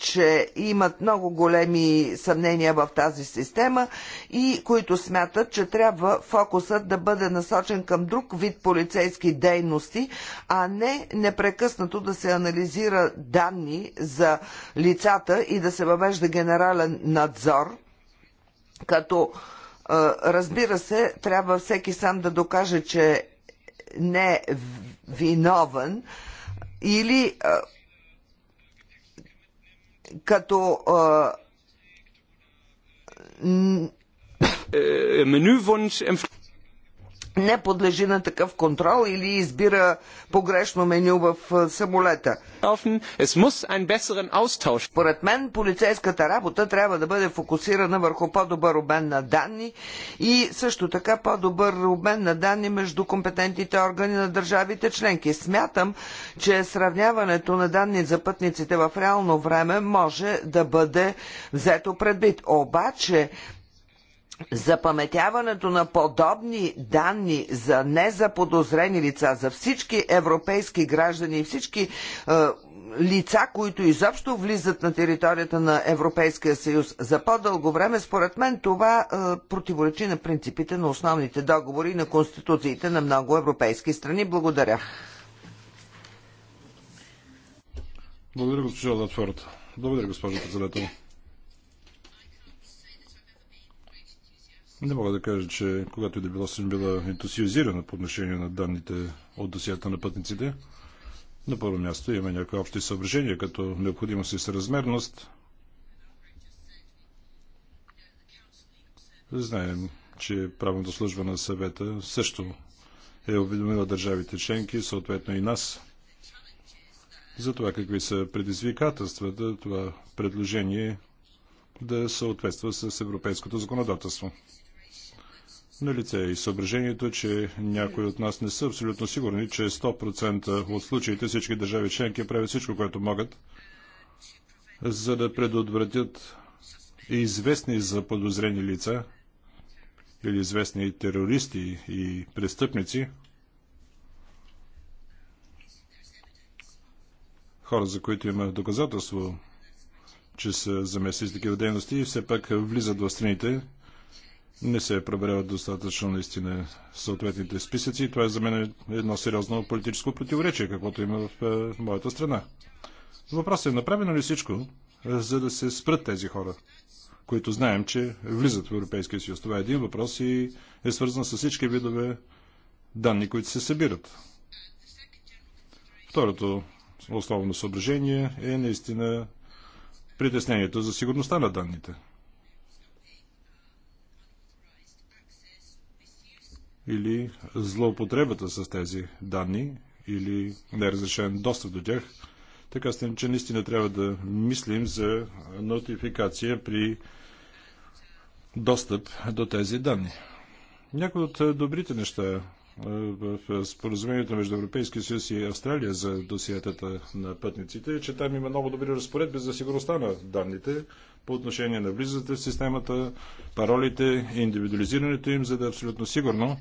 [SPEAKER 1] че имат много големи съмнения в тази система и които смятат, че трябва фокусът да бъде насочен към друг вид полицейски дейности, а не непрекъснато да се анализира данни за лицата и да се въвежда генерален надзор, като разбира се, трябва всеки сам да докаже, че не е виновен или като
[SPEAKER 2] Menüwunsch
[SPEAKER 1] не подлежи на такъв контрол или избира погрешно меню в самолета. Според мен полицейската работа трябва да бъде фокусирана върху по-добър обмен на данни и също така по-добър обмен на данни между компетентните органи на държавите членки. Смятам, че сравняването на данни за пътниците в реално време може да бъде взето предвид. Обаче Запаметяването на подобни данни за незаподозрени лица, за всички европейски граждани и всички е, лица, които изобщо влизат на територията на Европейския съюз за по-дълго време, според мен това е, противоречи на принципите на основните договори и на конституциите на много европейски страни. Благодаря.
[SPEAKER 2] Благодаря, госпожа Латфорд. Благодаря, госпожо председател. Не мога да кажа, че когато и да била съм била ентусиазирана по отношение на данните от досията на пътниците. На първо място има някои общи съображения, като необходимост и съразмерност. Знаем, че правното служба на съвета също е уведомила държавите членки, съответно и нас, за това какви са предизвикателствата това предложение да съответства с европейското законодателство. На лице е и съображението, че някои от нас не са абсолютно сигурни, че 100% от случаите всички държави членки правят всичко, което могат, за да предотвратят известни за подозрени лица или известни терористи и престъпници, хора, за които има доказателство, че са замесени с такива дейности и все пак влизат в страните не се е проверяват достатъчно наистина съответните списъци и това е за мен е едно сериозно политическо противоречие, каквото има е, в моята страна. Въпросът е, направено ли всичко, е, за да се спрат тези хора, които знаем, че влизат в Европейския съюз? Това е един въпрос и е свързан с всички видове данни, които се събират. Второто основно съображение е наистина притеснението за сигурността на данните – или злоупотребата с тези данни или неразрешен достъп до тях. Така сте, че наистина трябва да мислим за нотификация при достъп до тези данни. Някои от е, добрите неща е, в е, споразумението между Европейския съюз и Австралия за досиетата на пътниците е, че там има много добри разпоредби за сигурността на данните по отношение на влизате в системата, паролите, индивидуализирането им, за да е абсолютно сигурно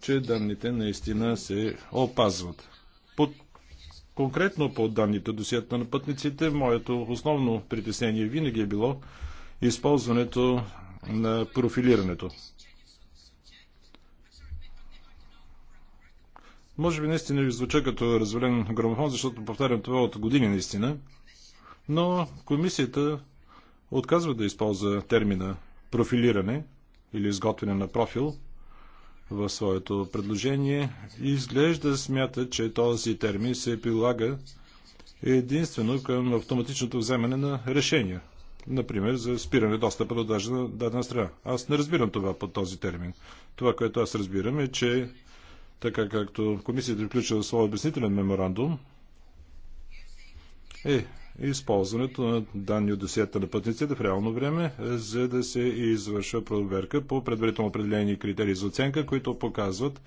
[SPEAKER 2] че данните наистина се опазват. Под, конкретно по данните досията на пътниците, моето основно притеснение винаги е било използването на профилирането. Може би наистина ви звуча като развален грамофон, защото повтарям това от години наистина, но комисията отказва да използва термина профилиране или изготвяне на профил – в своето предложение. Изглежда смята, че този термин се прилага единствено към автоматичното вземане на решения. Например, за спиране достъпа до на дадена страна. Аз не разбирам това под този термин. Това, което аз разбирам е, че така както комисията е включва своя обяснителен меморандум, е използването на данни от досията на пътниците в реално време, за да се извършва проверка по предварително определени критерии за оценка, които показват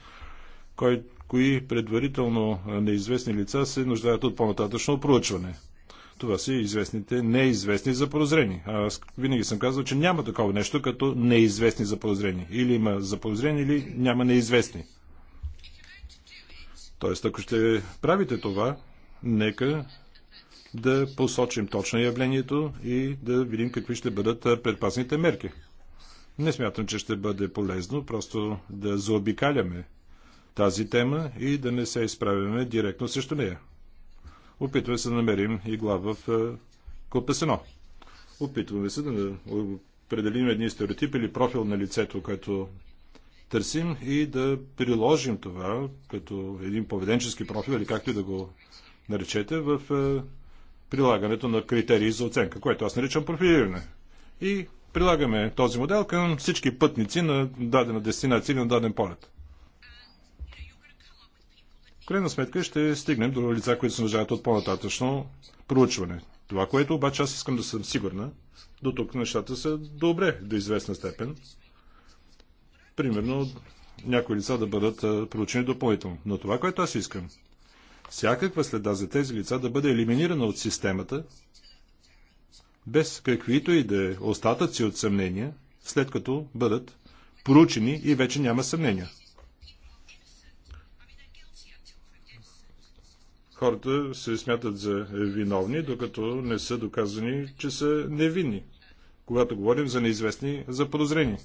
[SPEAKER 2] кой, кои предварително неизвестни лица се нуждаят от по-нататъчно проучване. Това са известните неизвестни за подозрени. Аз винаги съм казвал, че няма такова нещо като неизвестни за подозрени. Или има за подозрени, или няма неизвестни. Тоест, ако ще правите това, нека да посочим точно явлението и да видим какви ще бъдат предпазните мерки. Не смятам, че ще бъде полезно просто да заобикаляме тази тема и да не се изправяме директно срещу нея. Опитваме се да намерим игла в е, купа сено. Опитваме се да определим един стереотип или профил на лицето, което търсим и да приложим това като един поведенчески профил или както и да го наречете в е, прилагането на критерии за оценка, което аз наричам профилиране. И прилагаме този модел към всички пътници на дадена дестинация или на даден полет. В крайна сметка ще стигнем до лица, които се нуждаят от по-нататъчно проучване. Това, което обаче аз искам да съм сигурна, до тук нещата са добре до известна степен. Примерно някои лица да бъдат проучени допълнително. Но това, което аз искам, всякаква следа за тези лица да бъде елиминирана от системата, без каквито и да е остатъци от съмнения, след като бъдат проучени и вече няма съмнения. Хората се смятат за виновни, докато не са доказани, че са невинни, когато говорим за неизвестни заподозрени.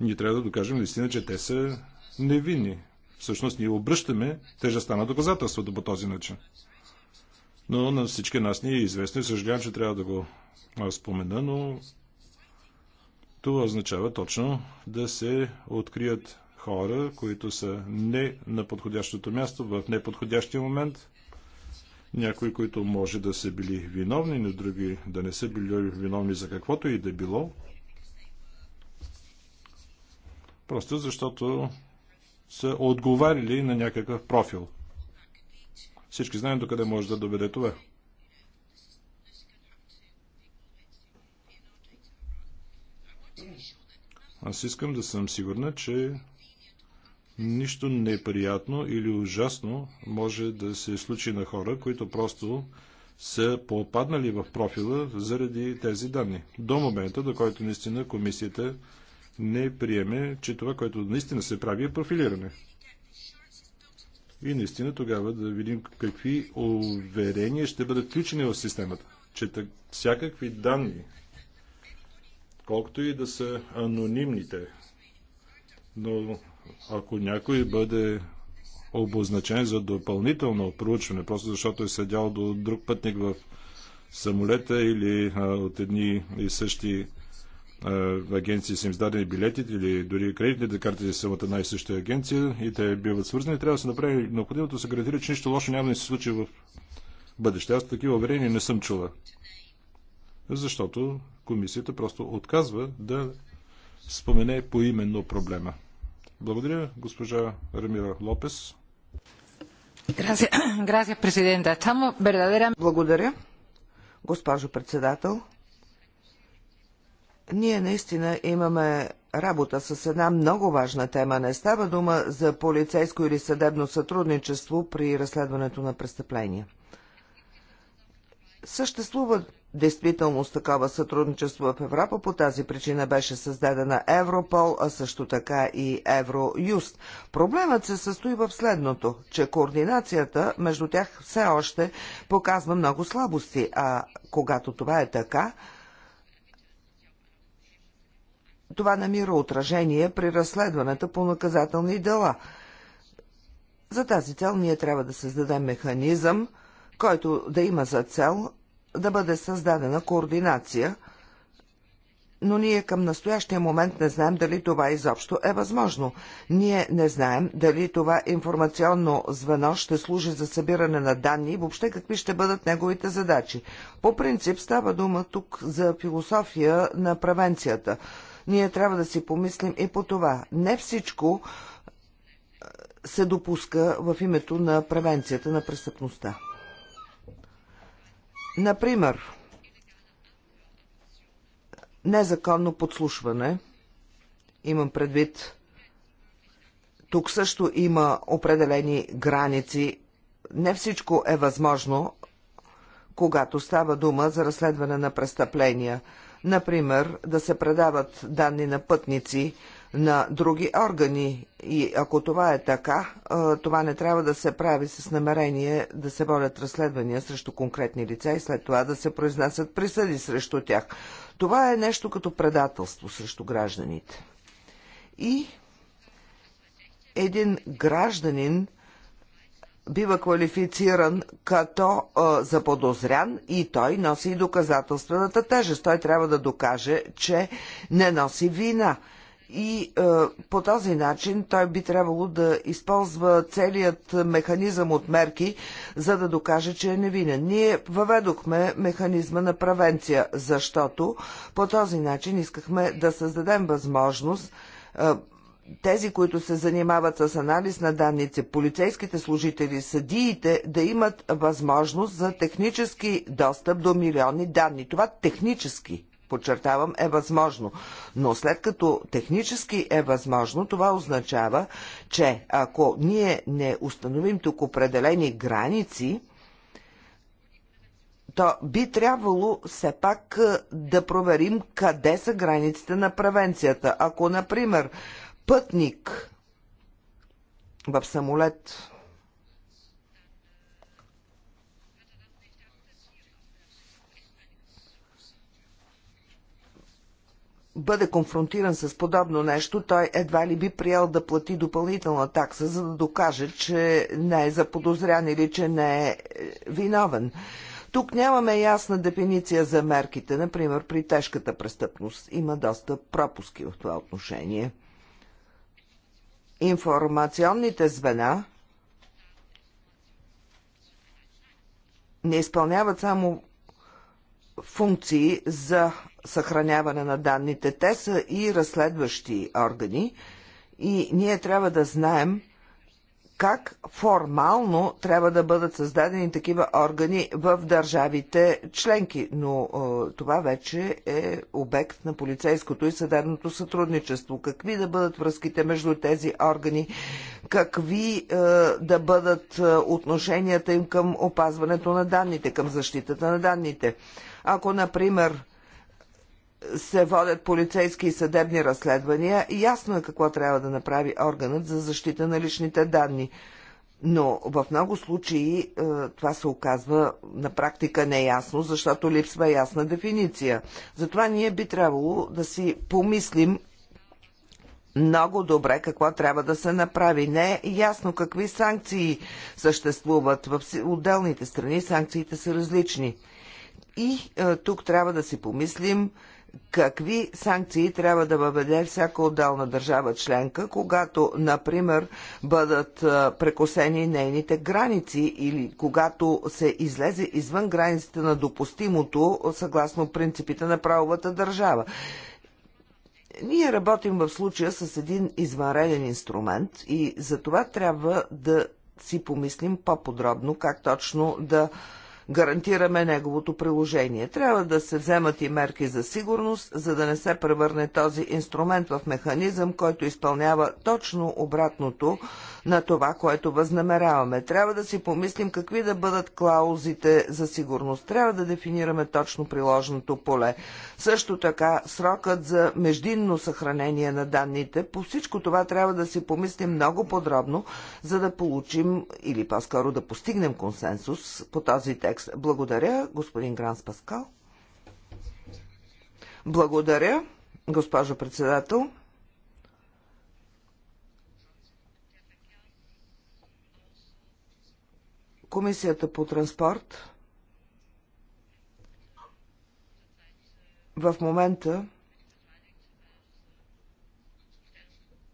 [SPEAKER 2] Ние трябва да докажем наистина, че те са невинни. Всъщност ние обръщаме тежестта на доказателството по този начин. Но на всички нас ни е известно и съжалявам, че трябва да го спомена, но това означава точно да се открият хора, които са не на подходящото място, в неподходящия момент. Някои, които може да са били виновни, но други да не са били виновни за каквото и да било. Просто защото са отговарили на някакъв профил. Всички знаем докъде може да доведе това. Аз искам да съм сигурна, че нищо неприятно или ужасно може да се случи на хора, които просто са попаднали в профила заради тези данни. До момента, до който наистина комисията не приеме, че това, което наистина се прави е профилиране. И наистина тогава да видим какви уверения ще бъдат включени в системата. Че так, всякакви данни, колкото и да са анонимните, но ако някой бъде обозначен за допълнително проучване, просто защото е седял до друг пътник в самолета или а, от едни и същи агенции са им издадени билетите или дори кредитните карти за самата най съща агенция и те биват свързани, трябва да се направи необходимото да се гарантира, че нищо лошо няма да се случи в бъдеще. Аз такива уверения не съм чула. Защото комисията просто отказва да спомене поименно проблема. Благодаря, госпожа Рамира Лопес.
[SPEAKER 1] Благодаря, госпожо председател. Ние наистина имаме работа с една много важна тема. Не става дума за полицейско или съдебно сътрудничество при разследването на престъпления. Съществува действително с такова сътрудничество в Европа. По тази причина беше създадена Европол, а също така и Евроюст. Проблемът се състои в следното, че координацията между тях все още показва много слабости, а когато това е така, това намира отражение при разследването по наказателни дела. За тази цел ние трябва да създадем механизъм, който да има за цел да бъде създадена координация, но ние към настоящия момент не знаем дали това изобщо е възможно. Ние не знаем дали това информационно звено ще служи за събиране на данни и въобще какви ще бъдат неговите задачи. По принцип става дума тук за философия на превенцията – ние трябва да си помислим и по това. Не всичко се допуска в името на превенцията на престъпността. Например, незаконно подслушване. Имам предвид, тук също има определени граници. Не всичко е възможно, когато става дума за разследване на престъпления. Например, да се предават данни на пътници на други органи. И ако това е така, това не трябва да се прави с намерение да се водят разследвания срещу конкретни лица и след това да се произнасят присъди срещу тях. Това е нещо като предателство срещу гражданите. И един гражданин бива квалифициран като заподозрян и той носи и доказателствената тежест. Той трябва да докаже, че не носи вина. И е, по този начин той би трябвало да използва целият механизъм от мерки, за да докаже, че е невинен. Ние въведохме механизма на превенция, защото по този начин искахме да създадем възможност тези, които се занимават с анализ на данните, полицейските служители, съдиите, да имат възможност за технически достъп до милиони данни. Това технически, подчертавам, е възможно. Но след като технически е възможно, това означава, че ако ние не установим тук определени граници, то би трябвало все пак да проверим къде са границите на превенцията. Ако, например, пътник в самолет бъде конфронтиран с подобно нещо, той едва ли би приел да плати допълнителна такса, за да докаже, че не е заподозрян или че не е, е виновен. Тук нямаме ясна дефиниция за мерките, например при тежката престъпност. Има доста пропуски в това отношение информационните звена не изпълняват само функции за съхраняване на данните. Те са и разследващи органи и ние трябва да знаем – как формално трябва да бъдат създадени такива органи в държавите членки, но е, това вече е обект на полицейското и съдебното сътрудничество. Какви да бъдат връзките между тези органи, какви е, да бъдат е, отношенията им към опазването на данните, към защитата на данните. Ако, например, се водят полицейски и съдебни разследвания, ясно е какво трябва да направи органът за защита на личните данни. Но в много случаи е, това се оказва на практика неясно, защото липсва ясна дефиниция. Затова ние би трябвало да си помислим много добре какво трябва да се направи. Не е ясно какви санкции съществуват в отделните страни. Санкциите са различни. И е, тук трябва да си помислим какви санкции трябва да въведе всяка отделна държава членка, когато, например, бъдат прекосени нейните граници или когато се излезе извън границите на допустимото съгласно принципите на правовата държава. Ние работим в случая с един извънреден инструмент и за това трябва да си помислим по-подробно как точно да гарантираме неговото приложение. Трябва да се вземат и мерки за сигурност, за да не се превърне този инструмент в механизъм, който изпълнява точно обратното на това, което възнамеряваме. Трябва да си помислим какви да бъдат клаузите за сигурност. Трябва да дефинираме точно приложното поле. Също така, срокът за междинно съхранение на данните, по всичко това трябва да си помислим много подробно, за да получим или по-скоро да постигнем консенсус по този текст текст. Благодаря, господин Гранс Паскал. Благодаря, госпожо председател. Комисията по транспорт в момента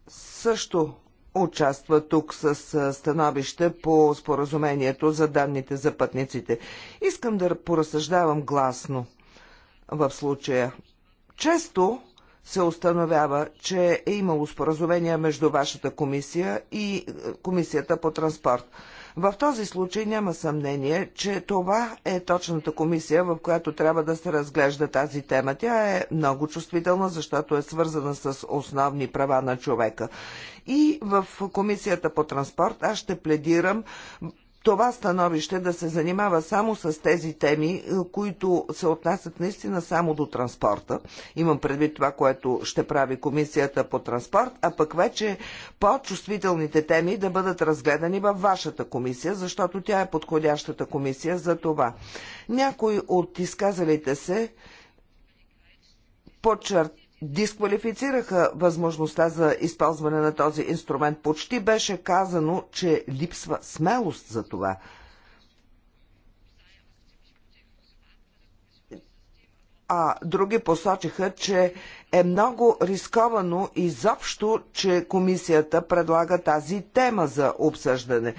[SPEAKER 1] също участва тук с становище по споразумението за данните за пътниците. Искам да поразсъждавам гласно в случая. Често се установява, че е имало споразумение между вашата комисия и комисията по транспорт. В този случай няма съмнение, че това е точната комисия, в която трябва да се разглежда тази тема. Тя е много чувствителна, защото е свързана с основни права на човека. И в комисията по транспорт аз ще пледирам това становище да се занимава само с тези теми, е, които се отнасят наистина само до транспорта. Имам предвид това, което ще прави комисията по транспорт, а пък вече по-чувствителните теми да бъдат разгледани във вашата комисия, защото тя е подходящата комисия за това. Някой от изказалите се подчертават, дисквалифицираха възможността за използване на този инструмент. Почти беше казано, че липсва смелост за това. а други посочиха, че е много рисковано изобщо, че комисията предлага тази тема за обсъждане.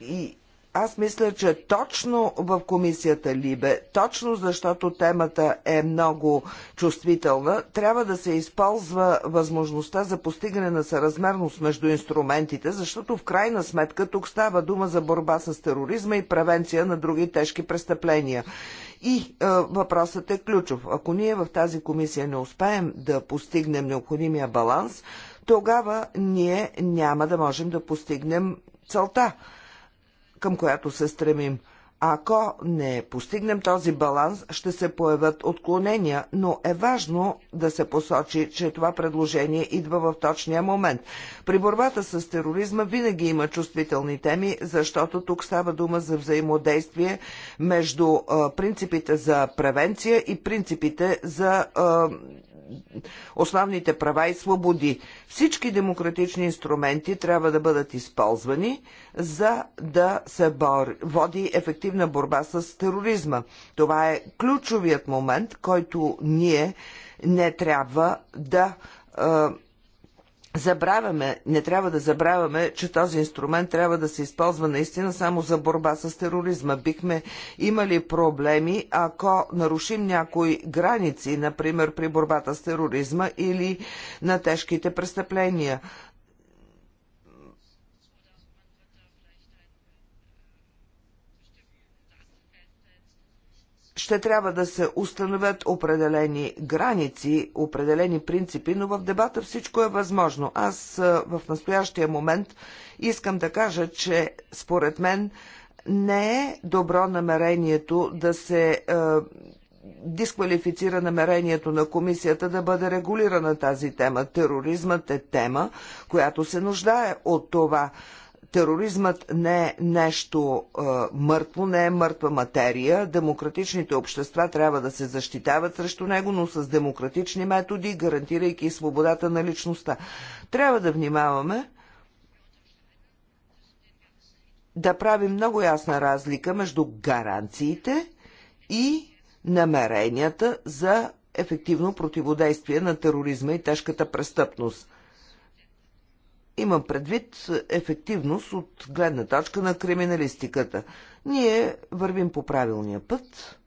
[SPEAKER 1] И аз мисля, че точно в комисията Либе, точно защото темата е много чувствителна, трябва да се използва възможността за постигане на съразмерност между инструментите, защото в крайна сметка тук става дума за борба с тероризма и превенция на други тежки престъпления. И е, въпросът е ключов. Ако ние в тази комисия не успеем да постигнем необходимия баланс, тогава ние няма да можем да постигнем целта към която се стремим. Ако не постигнем този баланс, ще се появят отклонения, но е важно да се посочи, че това предложение идва в точния момент. При борбата с тероризма винаги има чувствителни теми, защото тук става дума за взаимодействие между принципите за превенция и принципите за основните права и свободи. Всички демократични инструменти трябва да бъдат използвани, за да се бор... води ефективна борба с тероризма. Това е ключовият момент, който ние не трябва да забравяме, не трябва да забравяме, че този инструмент трябва да се използва наистина само за борба с тероризма. Бихме имали проблеми, ако нарушим някои граници, например при борбата с тероризма или на тежките престъпления. ще трябва да се установят определени граници, определени принципи, но в дебата всичко е възможно. Аз в настоящия момент искам да кажа, че според мен не е добро намерението да се е, дисквалифицира намерението на комисията да бъде регулирана тази тема. Тероризмът е тема, която се нуждае от това тероризмът не е нещо е, мъртво, не е мъртва материя. Демократичните общества трябва да се защитават срещу него, но с демократични методи, гарантирайки свободата на личността. Трябва да внимаваме да правим много ясна разлика между гаранциите и намеренията за ефективно противодействие на тероризма и тежката престъпност – Имам предвид ефективност от гледна точка на криминалистиката. Ние вървим по правилния път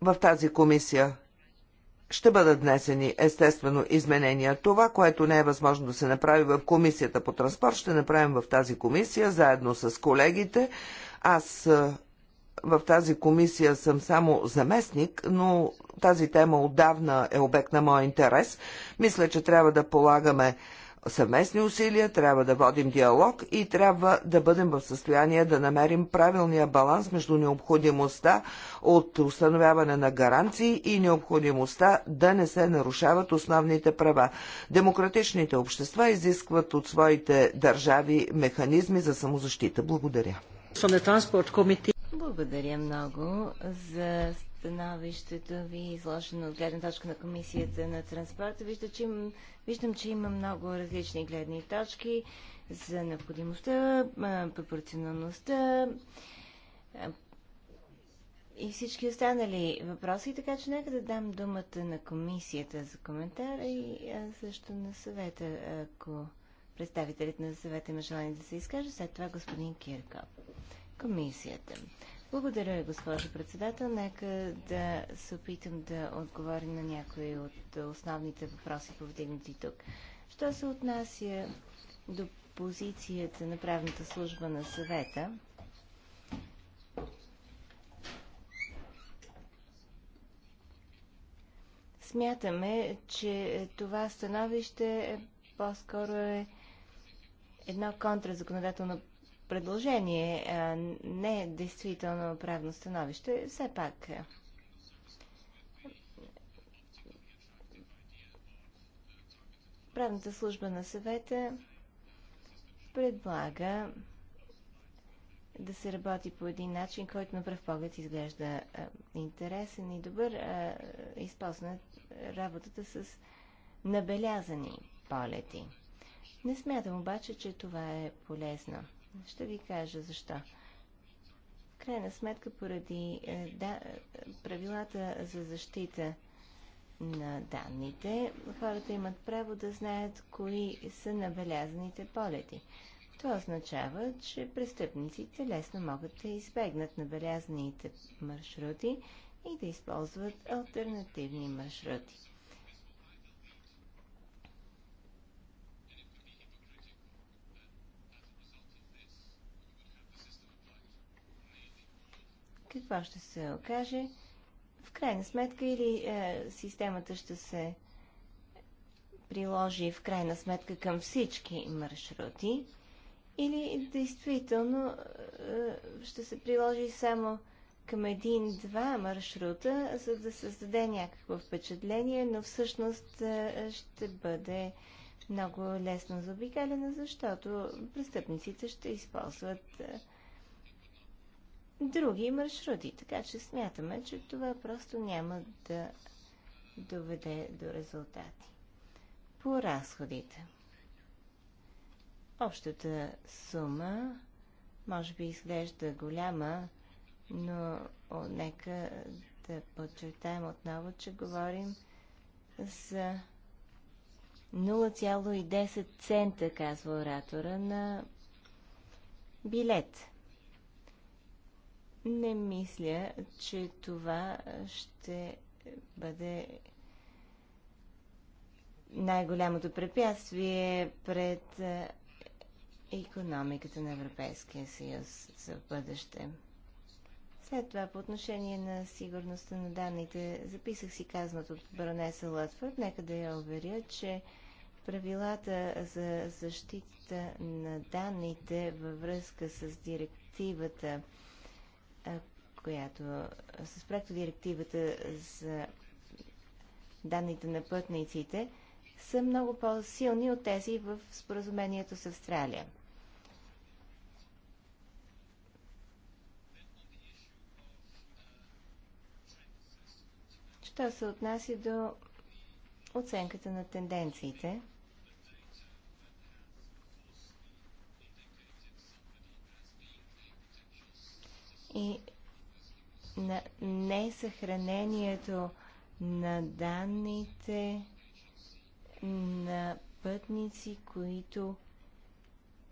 [SPEAKER 1] в тази комисия. Ще бъдат внесени естествено изменения. Това, което не е възможно да се направи в комисията по транспорт, ще направим в тази комисия, заедно с колегите. Аз в тази комисия съм само заместник, но тази тема отдавна е обект на мой интерес. Мисля, че трябва да полагаме съвместни усилия, трябва да водим диалог и трябва да бъдем в състояние да намерим правилния баланс между необходимостта от установяване на гаранции и необходимостта да не се нарушават основните права. Демократичните общества изискват от своите държави механизми за самозащита. Благодаря.
[SPEAKER 3] Благодаря много за становището ви, изложено от гледна точка на Комисията на транспорта. Вижда, че им, виждам, че има много различни гледни точки за необходимостта, пропорционалността и всички останали въпроси, така че нека да дам думата на комисията за коментар и също на съвета, ако представителят на съвета има желание да се изкаже, след това господин Кирков комисията. Благодаря, госпожо председател. Нека да се опитам да отговоря на някои от основните въпроси, повдигнати тук. Що се отнася до позицията на правната служба на съвета, смятаме, че това становище по-скоро е едно контразаконодателно предложение, а не е действително правно становище. Все пак правната служба на съвета предлага да се работи по един начин, който на пръв поглед изглежда а, интересен и добър, а, работата с набелязани полети. Не смятам обаче, че това е полезно. Ще ви кажа защо. Крайна сметка, поради е, да, е, правилата за защита на данните, хората имат право да знаят кои са набелязаните полети. Това означава, че престъпниците лесно могат да избегнат набелязаните маршрути и да използват альтернативни маршрути. Това ще се окаже? В крайна сметка или е, системата ще се приложи в крайна сметка към всички маршрути, или действително е, ще се приложи само към един-два маршрута, за да създаде някакво впечатление, но всъщност е, ще бъде много лесно заобикалено, защото престъпниците ще използват е, други маршрути. Така че смятаме, че това просто няма да доведе до резултати. По разходите. Общата сума може би изглежда голяма, но нека да подчертаем отново, че говорим за 0,10 цента, казва оратора, на билет не мисля, че това ще бъде най-голямото препятствие пред економиката на Европейския съюз за бъдеще. След това, по отношение на сигурността на данните, записах си казаното от баронеса Лътфорд. Нека да я уверя, че правилата за защита на данните във връзка с директивата която с проекто директивата за данните на пътниците са много по-силни от тези в споразумението с Австралия. Що се отнася до оценката на тенденциите – и на несъхранението на данните на пътници, които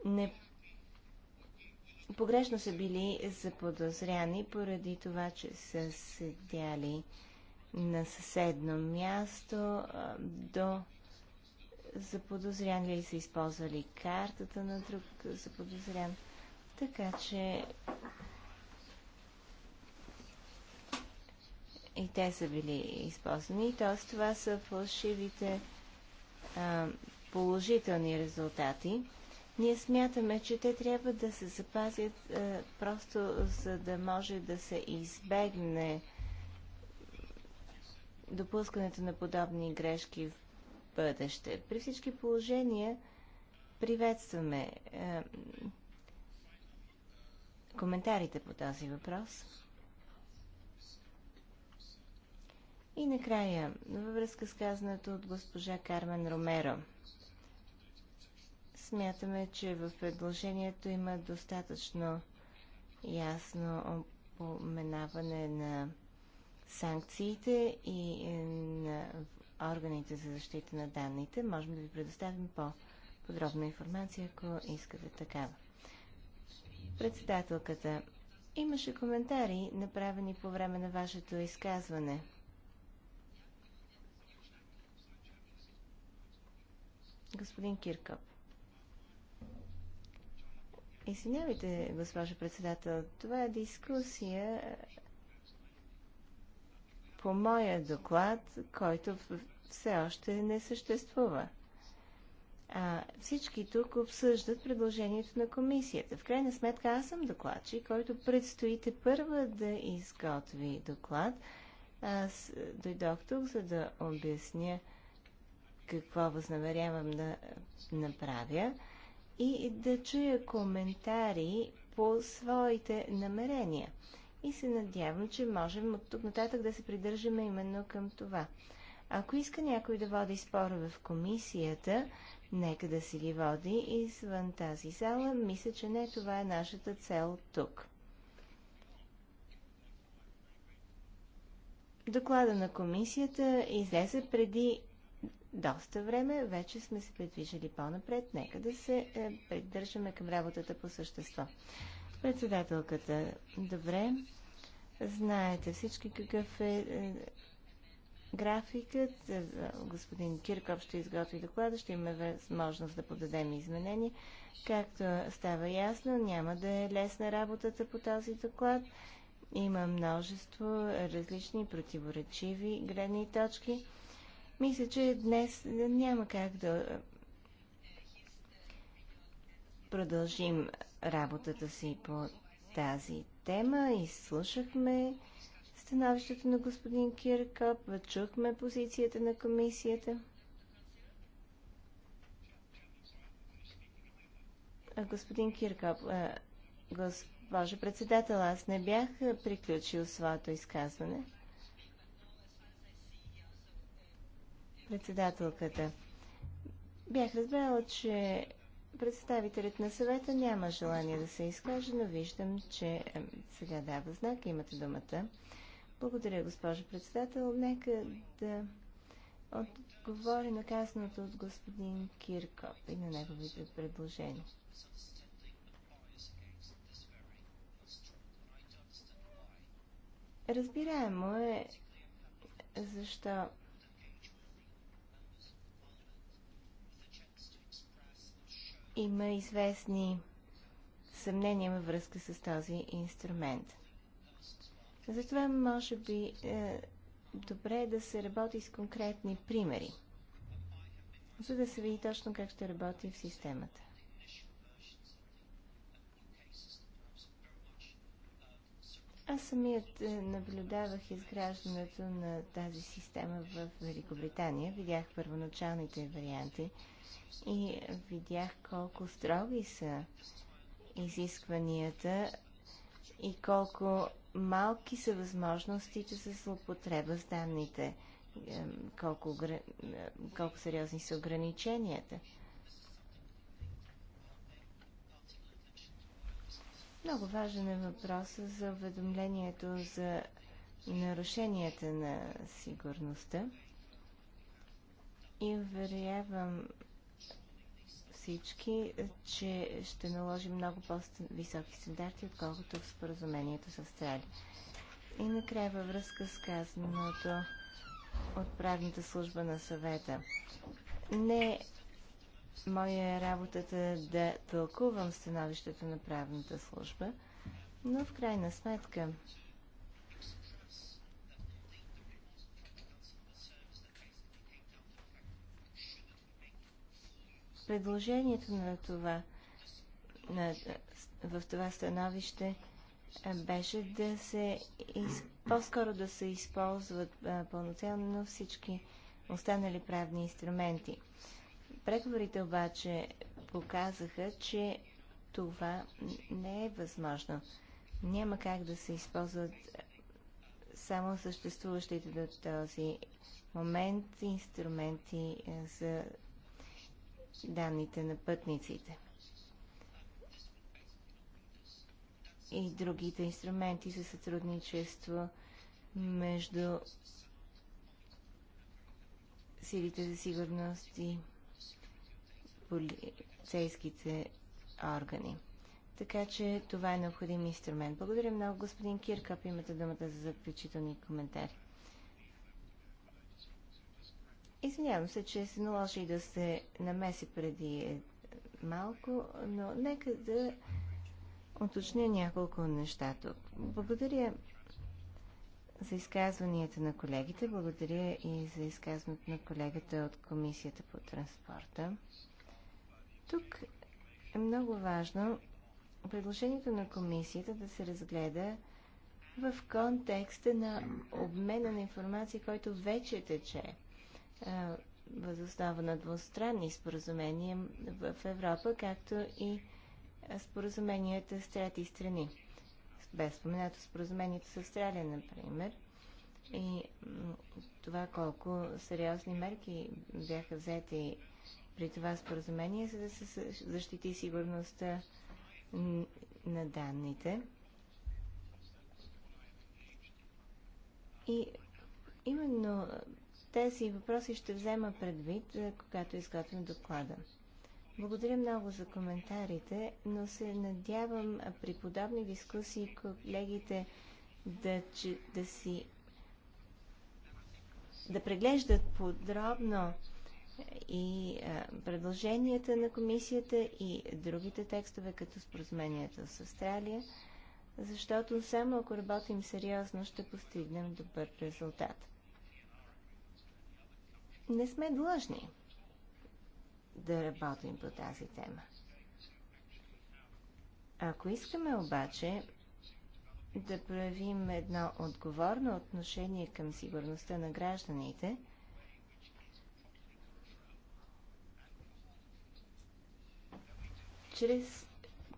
[SPEAKER 3] не погрешно са били заподозряни поради това, че са седяли на съседно място до заподозрян ли са използвали картата на друг заподозрян. Така че и те са били използвани. Т.е. това са фалшивите а, положителни резултати. Ние смятаме, че те трябва да се запазят а, просто за да може да се избегне допускането на подобни грешки в бъдеще. При всички положения приветстваме а, коментарите по този въпрос. И накрая, във връзка с казаното от госпожа Кармен Ромеро. Смятаме, че в предложението има достатъчно ясно упоменаване на санкциите и е, на органите за защита на данните. Можем да ви предоставим по-подробна информация, ако искате такава. Председателката, имаше коментари, направени по време на вашето изказване. Господин Киркъп. Извинявайте, госпожо председател, това е дискусия по моя доклад, който все още не съществува. А, всички тук обсъждат предложението на комисията. В крайна сметка аз съм докладчик, който предстоите първа да изготви доклад. Аз дойдох тук, за да обясня какво възнамерявам да направя и да чуя коментари по своите намерения. И се надявам, че можем от тук нататък да се придържаме именно към това. Ако иска някой да води спорове в комисията, нека да си ги води извън тази зала. Мисля, че не това е нашата цел тук. Доклада на комисията излезе преди доста време, вече сме се придвижили по-напред. Нека да се е, придържаме към работата по същество. Председателката, добре. Знаете всички какъв е, е графикът. Е, господин Кирков ще изготви доклада, ще имаме възможност да подадем изменения. Както става ясно, няма да е лесна работата по този доклад. Има множество различни противоречиви гледни точки мисля, че днес няма как да продължим работата си по тази тема. Изслушахме становището на господин Киркоп, чухме позицията на комисията. Господин Киркоп, госпожо председател, аз не бях приключил своето изказване. Председателката. Бях разбрала, че представителят на съвета няма желание да се изкаже, но виждам, че е, сега дава знак. Имате думата. Благодаря, госпожо председател. Нека да отговори на казаното от господин Киркоп и на неговите предложения. Разбираемо е защо има известни съмнения във връзка с този инструмент. Затова може би е, добре е да се работи с конкретни примери, за да се види точно как ще работи в системата. Аз самият е, наблюдавах изграждането на тази система в Великобритания. Видях първоначалните варианти и видях колко строги са изискванията и колко малки са възможностите за злоупотреба с данните, колко, колко сериозни са ограниченията. Много важен е въпросът за уведомлението за нарушенията на сигурността. И уверявам всички, че ще наложи много по-високи стандарти, отколкото в споразумението с Австралия. И накрая във връзка с казаното от правната служба на съвета. Не е моя работата да тълкувам становището на правната служба, но в крайна сметка предложението на това, на, в това становище беше да се из, по-скоро да се използват а, пълноценно всички останали правни инструменти. Преговорите обаче показаха, че това не е възможно. Няма как да се използват само съществуващите до този момент инструменти за данните на пътниците. И другите инструменти за сътрудничество между силите за сигурност и полицейските органи. Така че това е необходим инструмент. Благодаря много, господин Киркап. Имате думата за заключителни коментари. Извинявам се, че се наложи да се намеси преди е, малко, но нека да уточня няколко неща тук. Благодаря за изказванията на колегите, благодаря и за изказването на колегата от Комисията по транспорта. Тук е много важно предложението на комисията да се разгледа в контекста на обмена на информация, който вече тече е, възоснова на двустранни споразумения в Европа, както и споразуменията с трети страни. Бе споменато споразумението с Австралия, например, и това колко сериозни мерки бяха взети при това споразумение, за да се защити сигурността на данните. И именно тези въпроси ще взема предвид, е, когато изготвя доклада. Благодаря много за коментарите, но се надявам при подобни дискусии колегите да, че, да си да преглеждат подробно е, и а, предложенията на комисията и другите текстове, като споразумението с Австралия, защото само ако работим сериозно ще постигнем добър резултат. Не сме длъжни да работим по тази тема. Ако искаме обаче да проявим едно отговорно отношение към сигурността на гражданите, чрез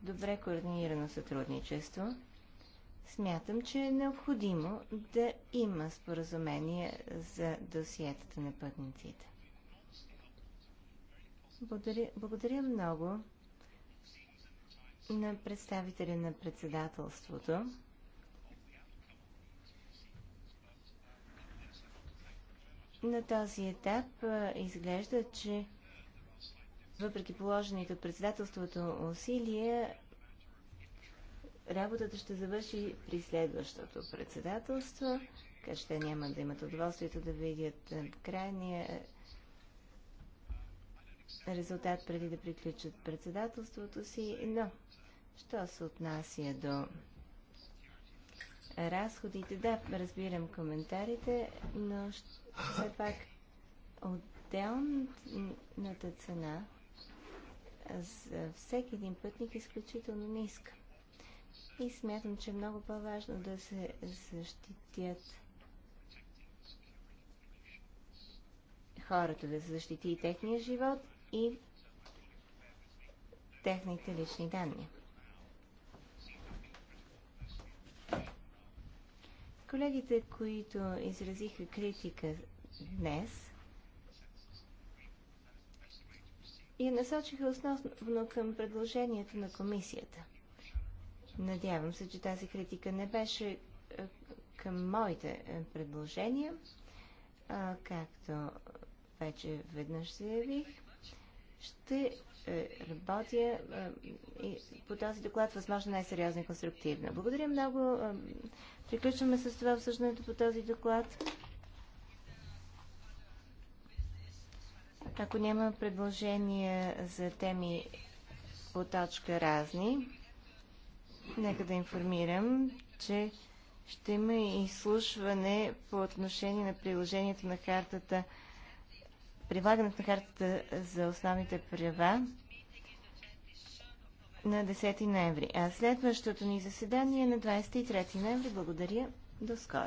[SPEAKER 3] добре координирано сътрудничество, Смятам, че е необходимо да има споразумение за досиетата на пътниците. Благодаря, благодаря много на представителя на председателството. На този етап изглежда, че въпреки положените от председателството усилия, работата ще завърши при следващото председателство, така ще няма да имат удоволствието да видят е, крайния е, резултат преди да приключат председателството си, но що се отнася до разходите, да, разбирам коментарите, но все пак отделната цена за всеки един пътник е изключително ниска. И смятам, че е много по-важно да се защитят хората, да се защити и техния живот и техните лични данни. Колегите, които изразиха критика днес, я насочиха основно към предложението на комисията – Надявам се, че тази критика не беше е, към моите е, предложения, както вече веднъж се явих. Ще е, работя и по този доклад възможно най-сериозно и конструктивно. Благодаря много. Приключваме с това обсъждането по този доклад. Ако няма предложения за теми по точка разни, Нека да информирам, че ще има изслушване по отношение на приложението на картата, прилагането на картата за основните права на 10 ноември. А следващото ни заседание е на 23 ноември. Благодаря. До скоро.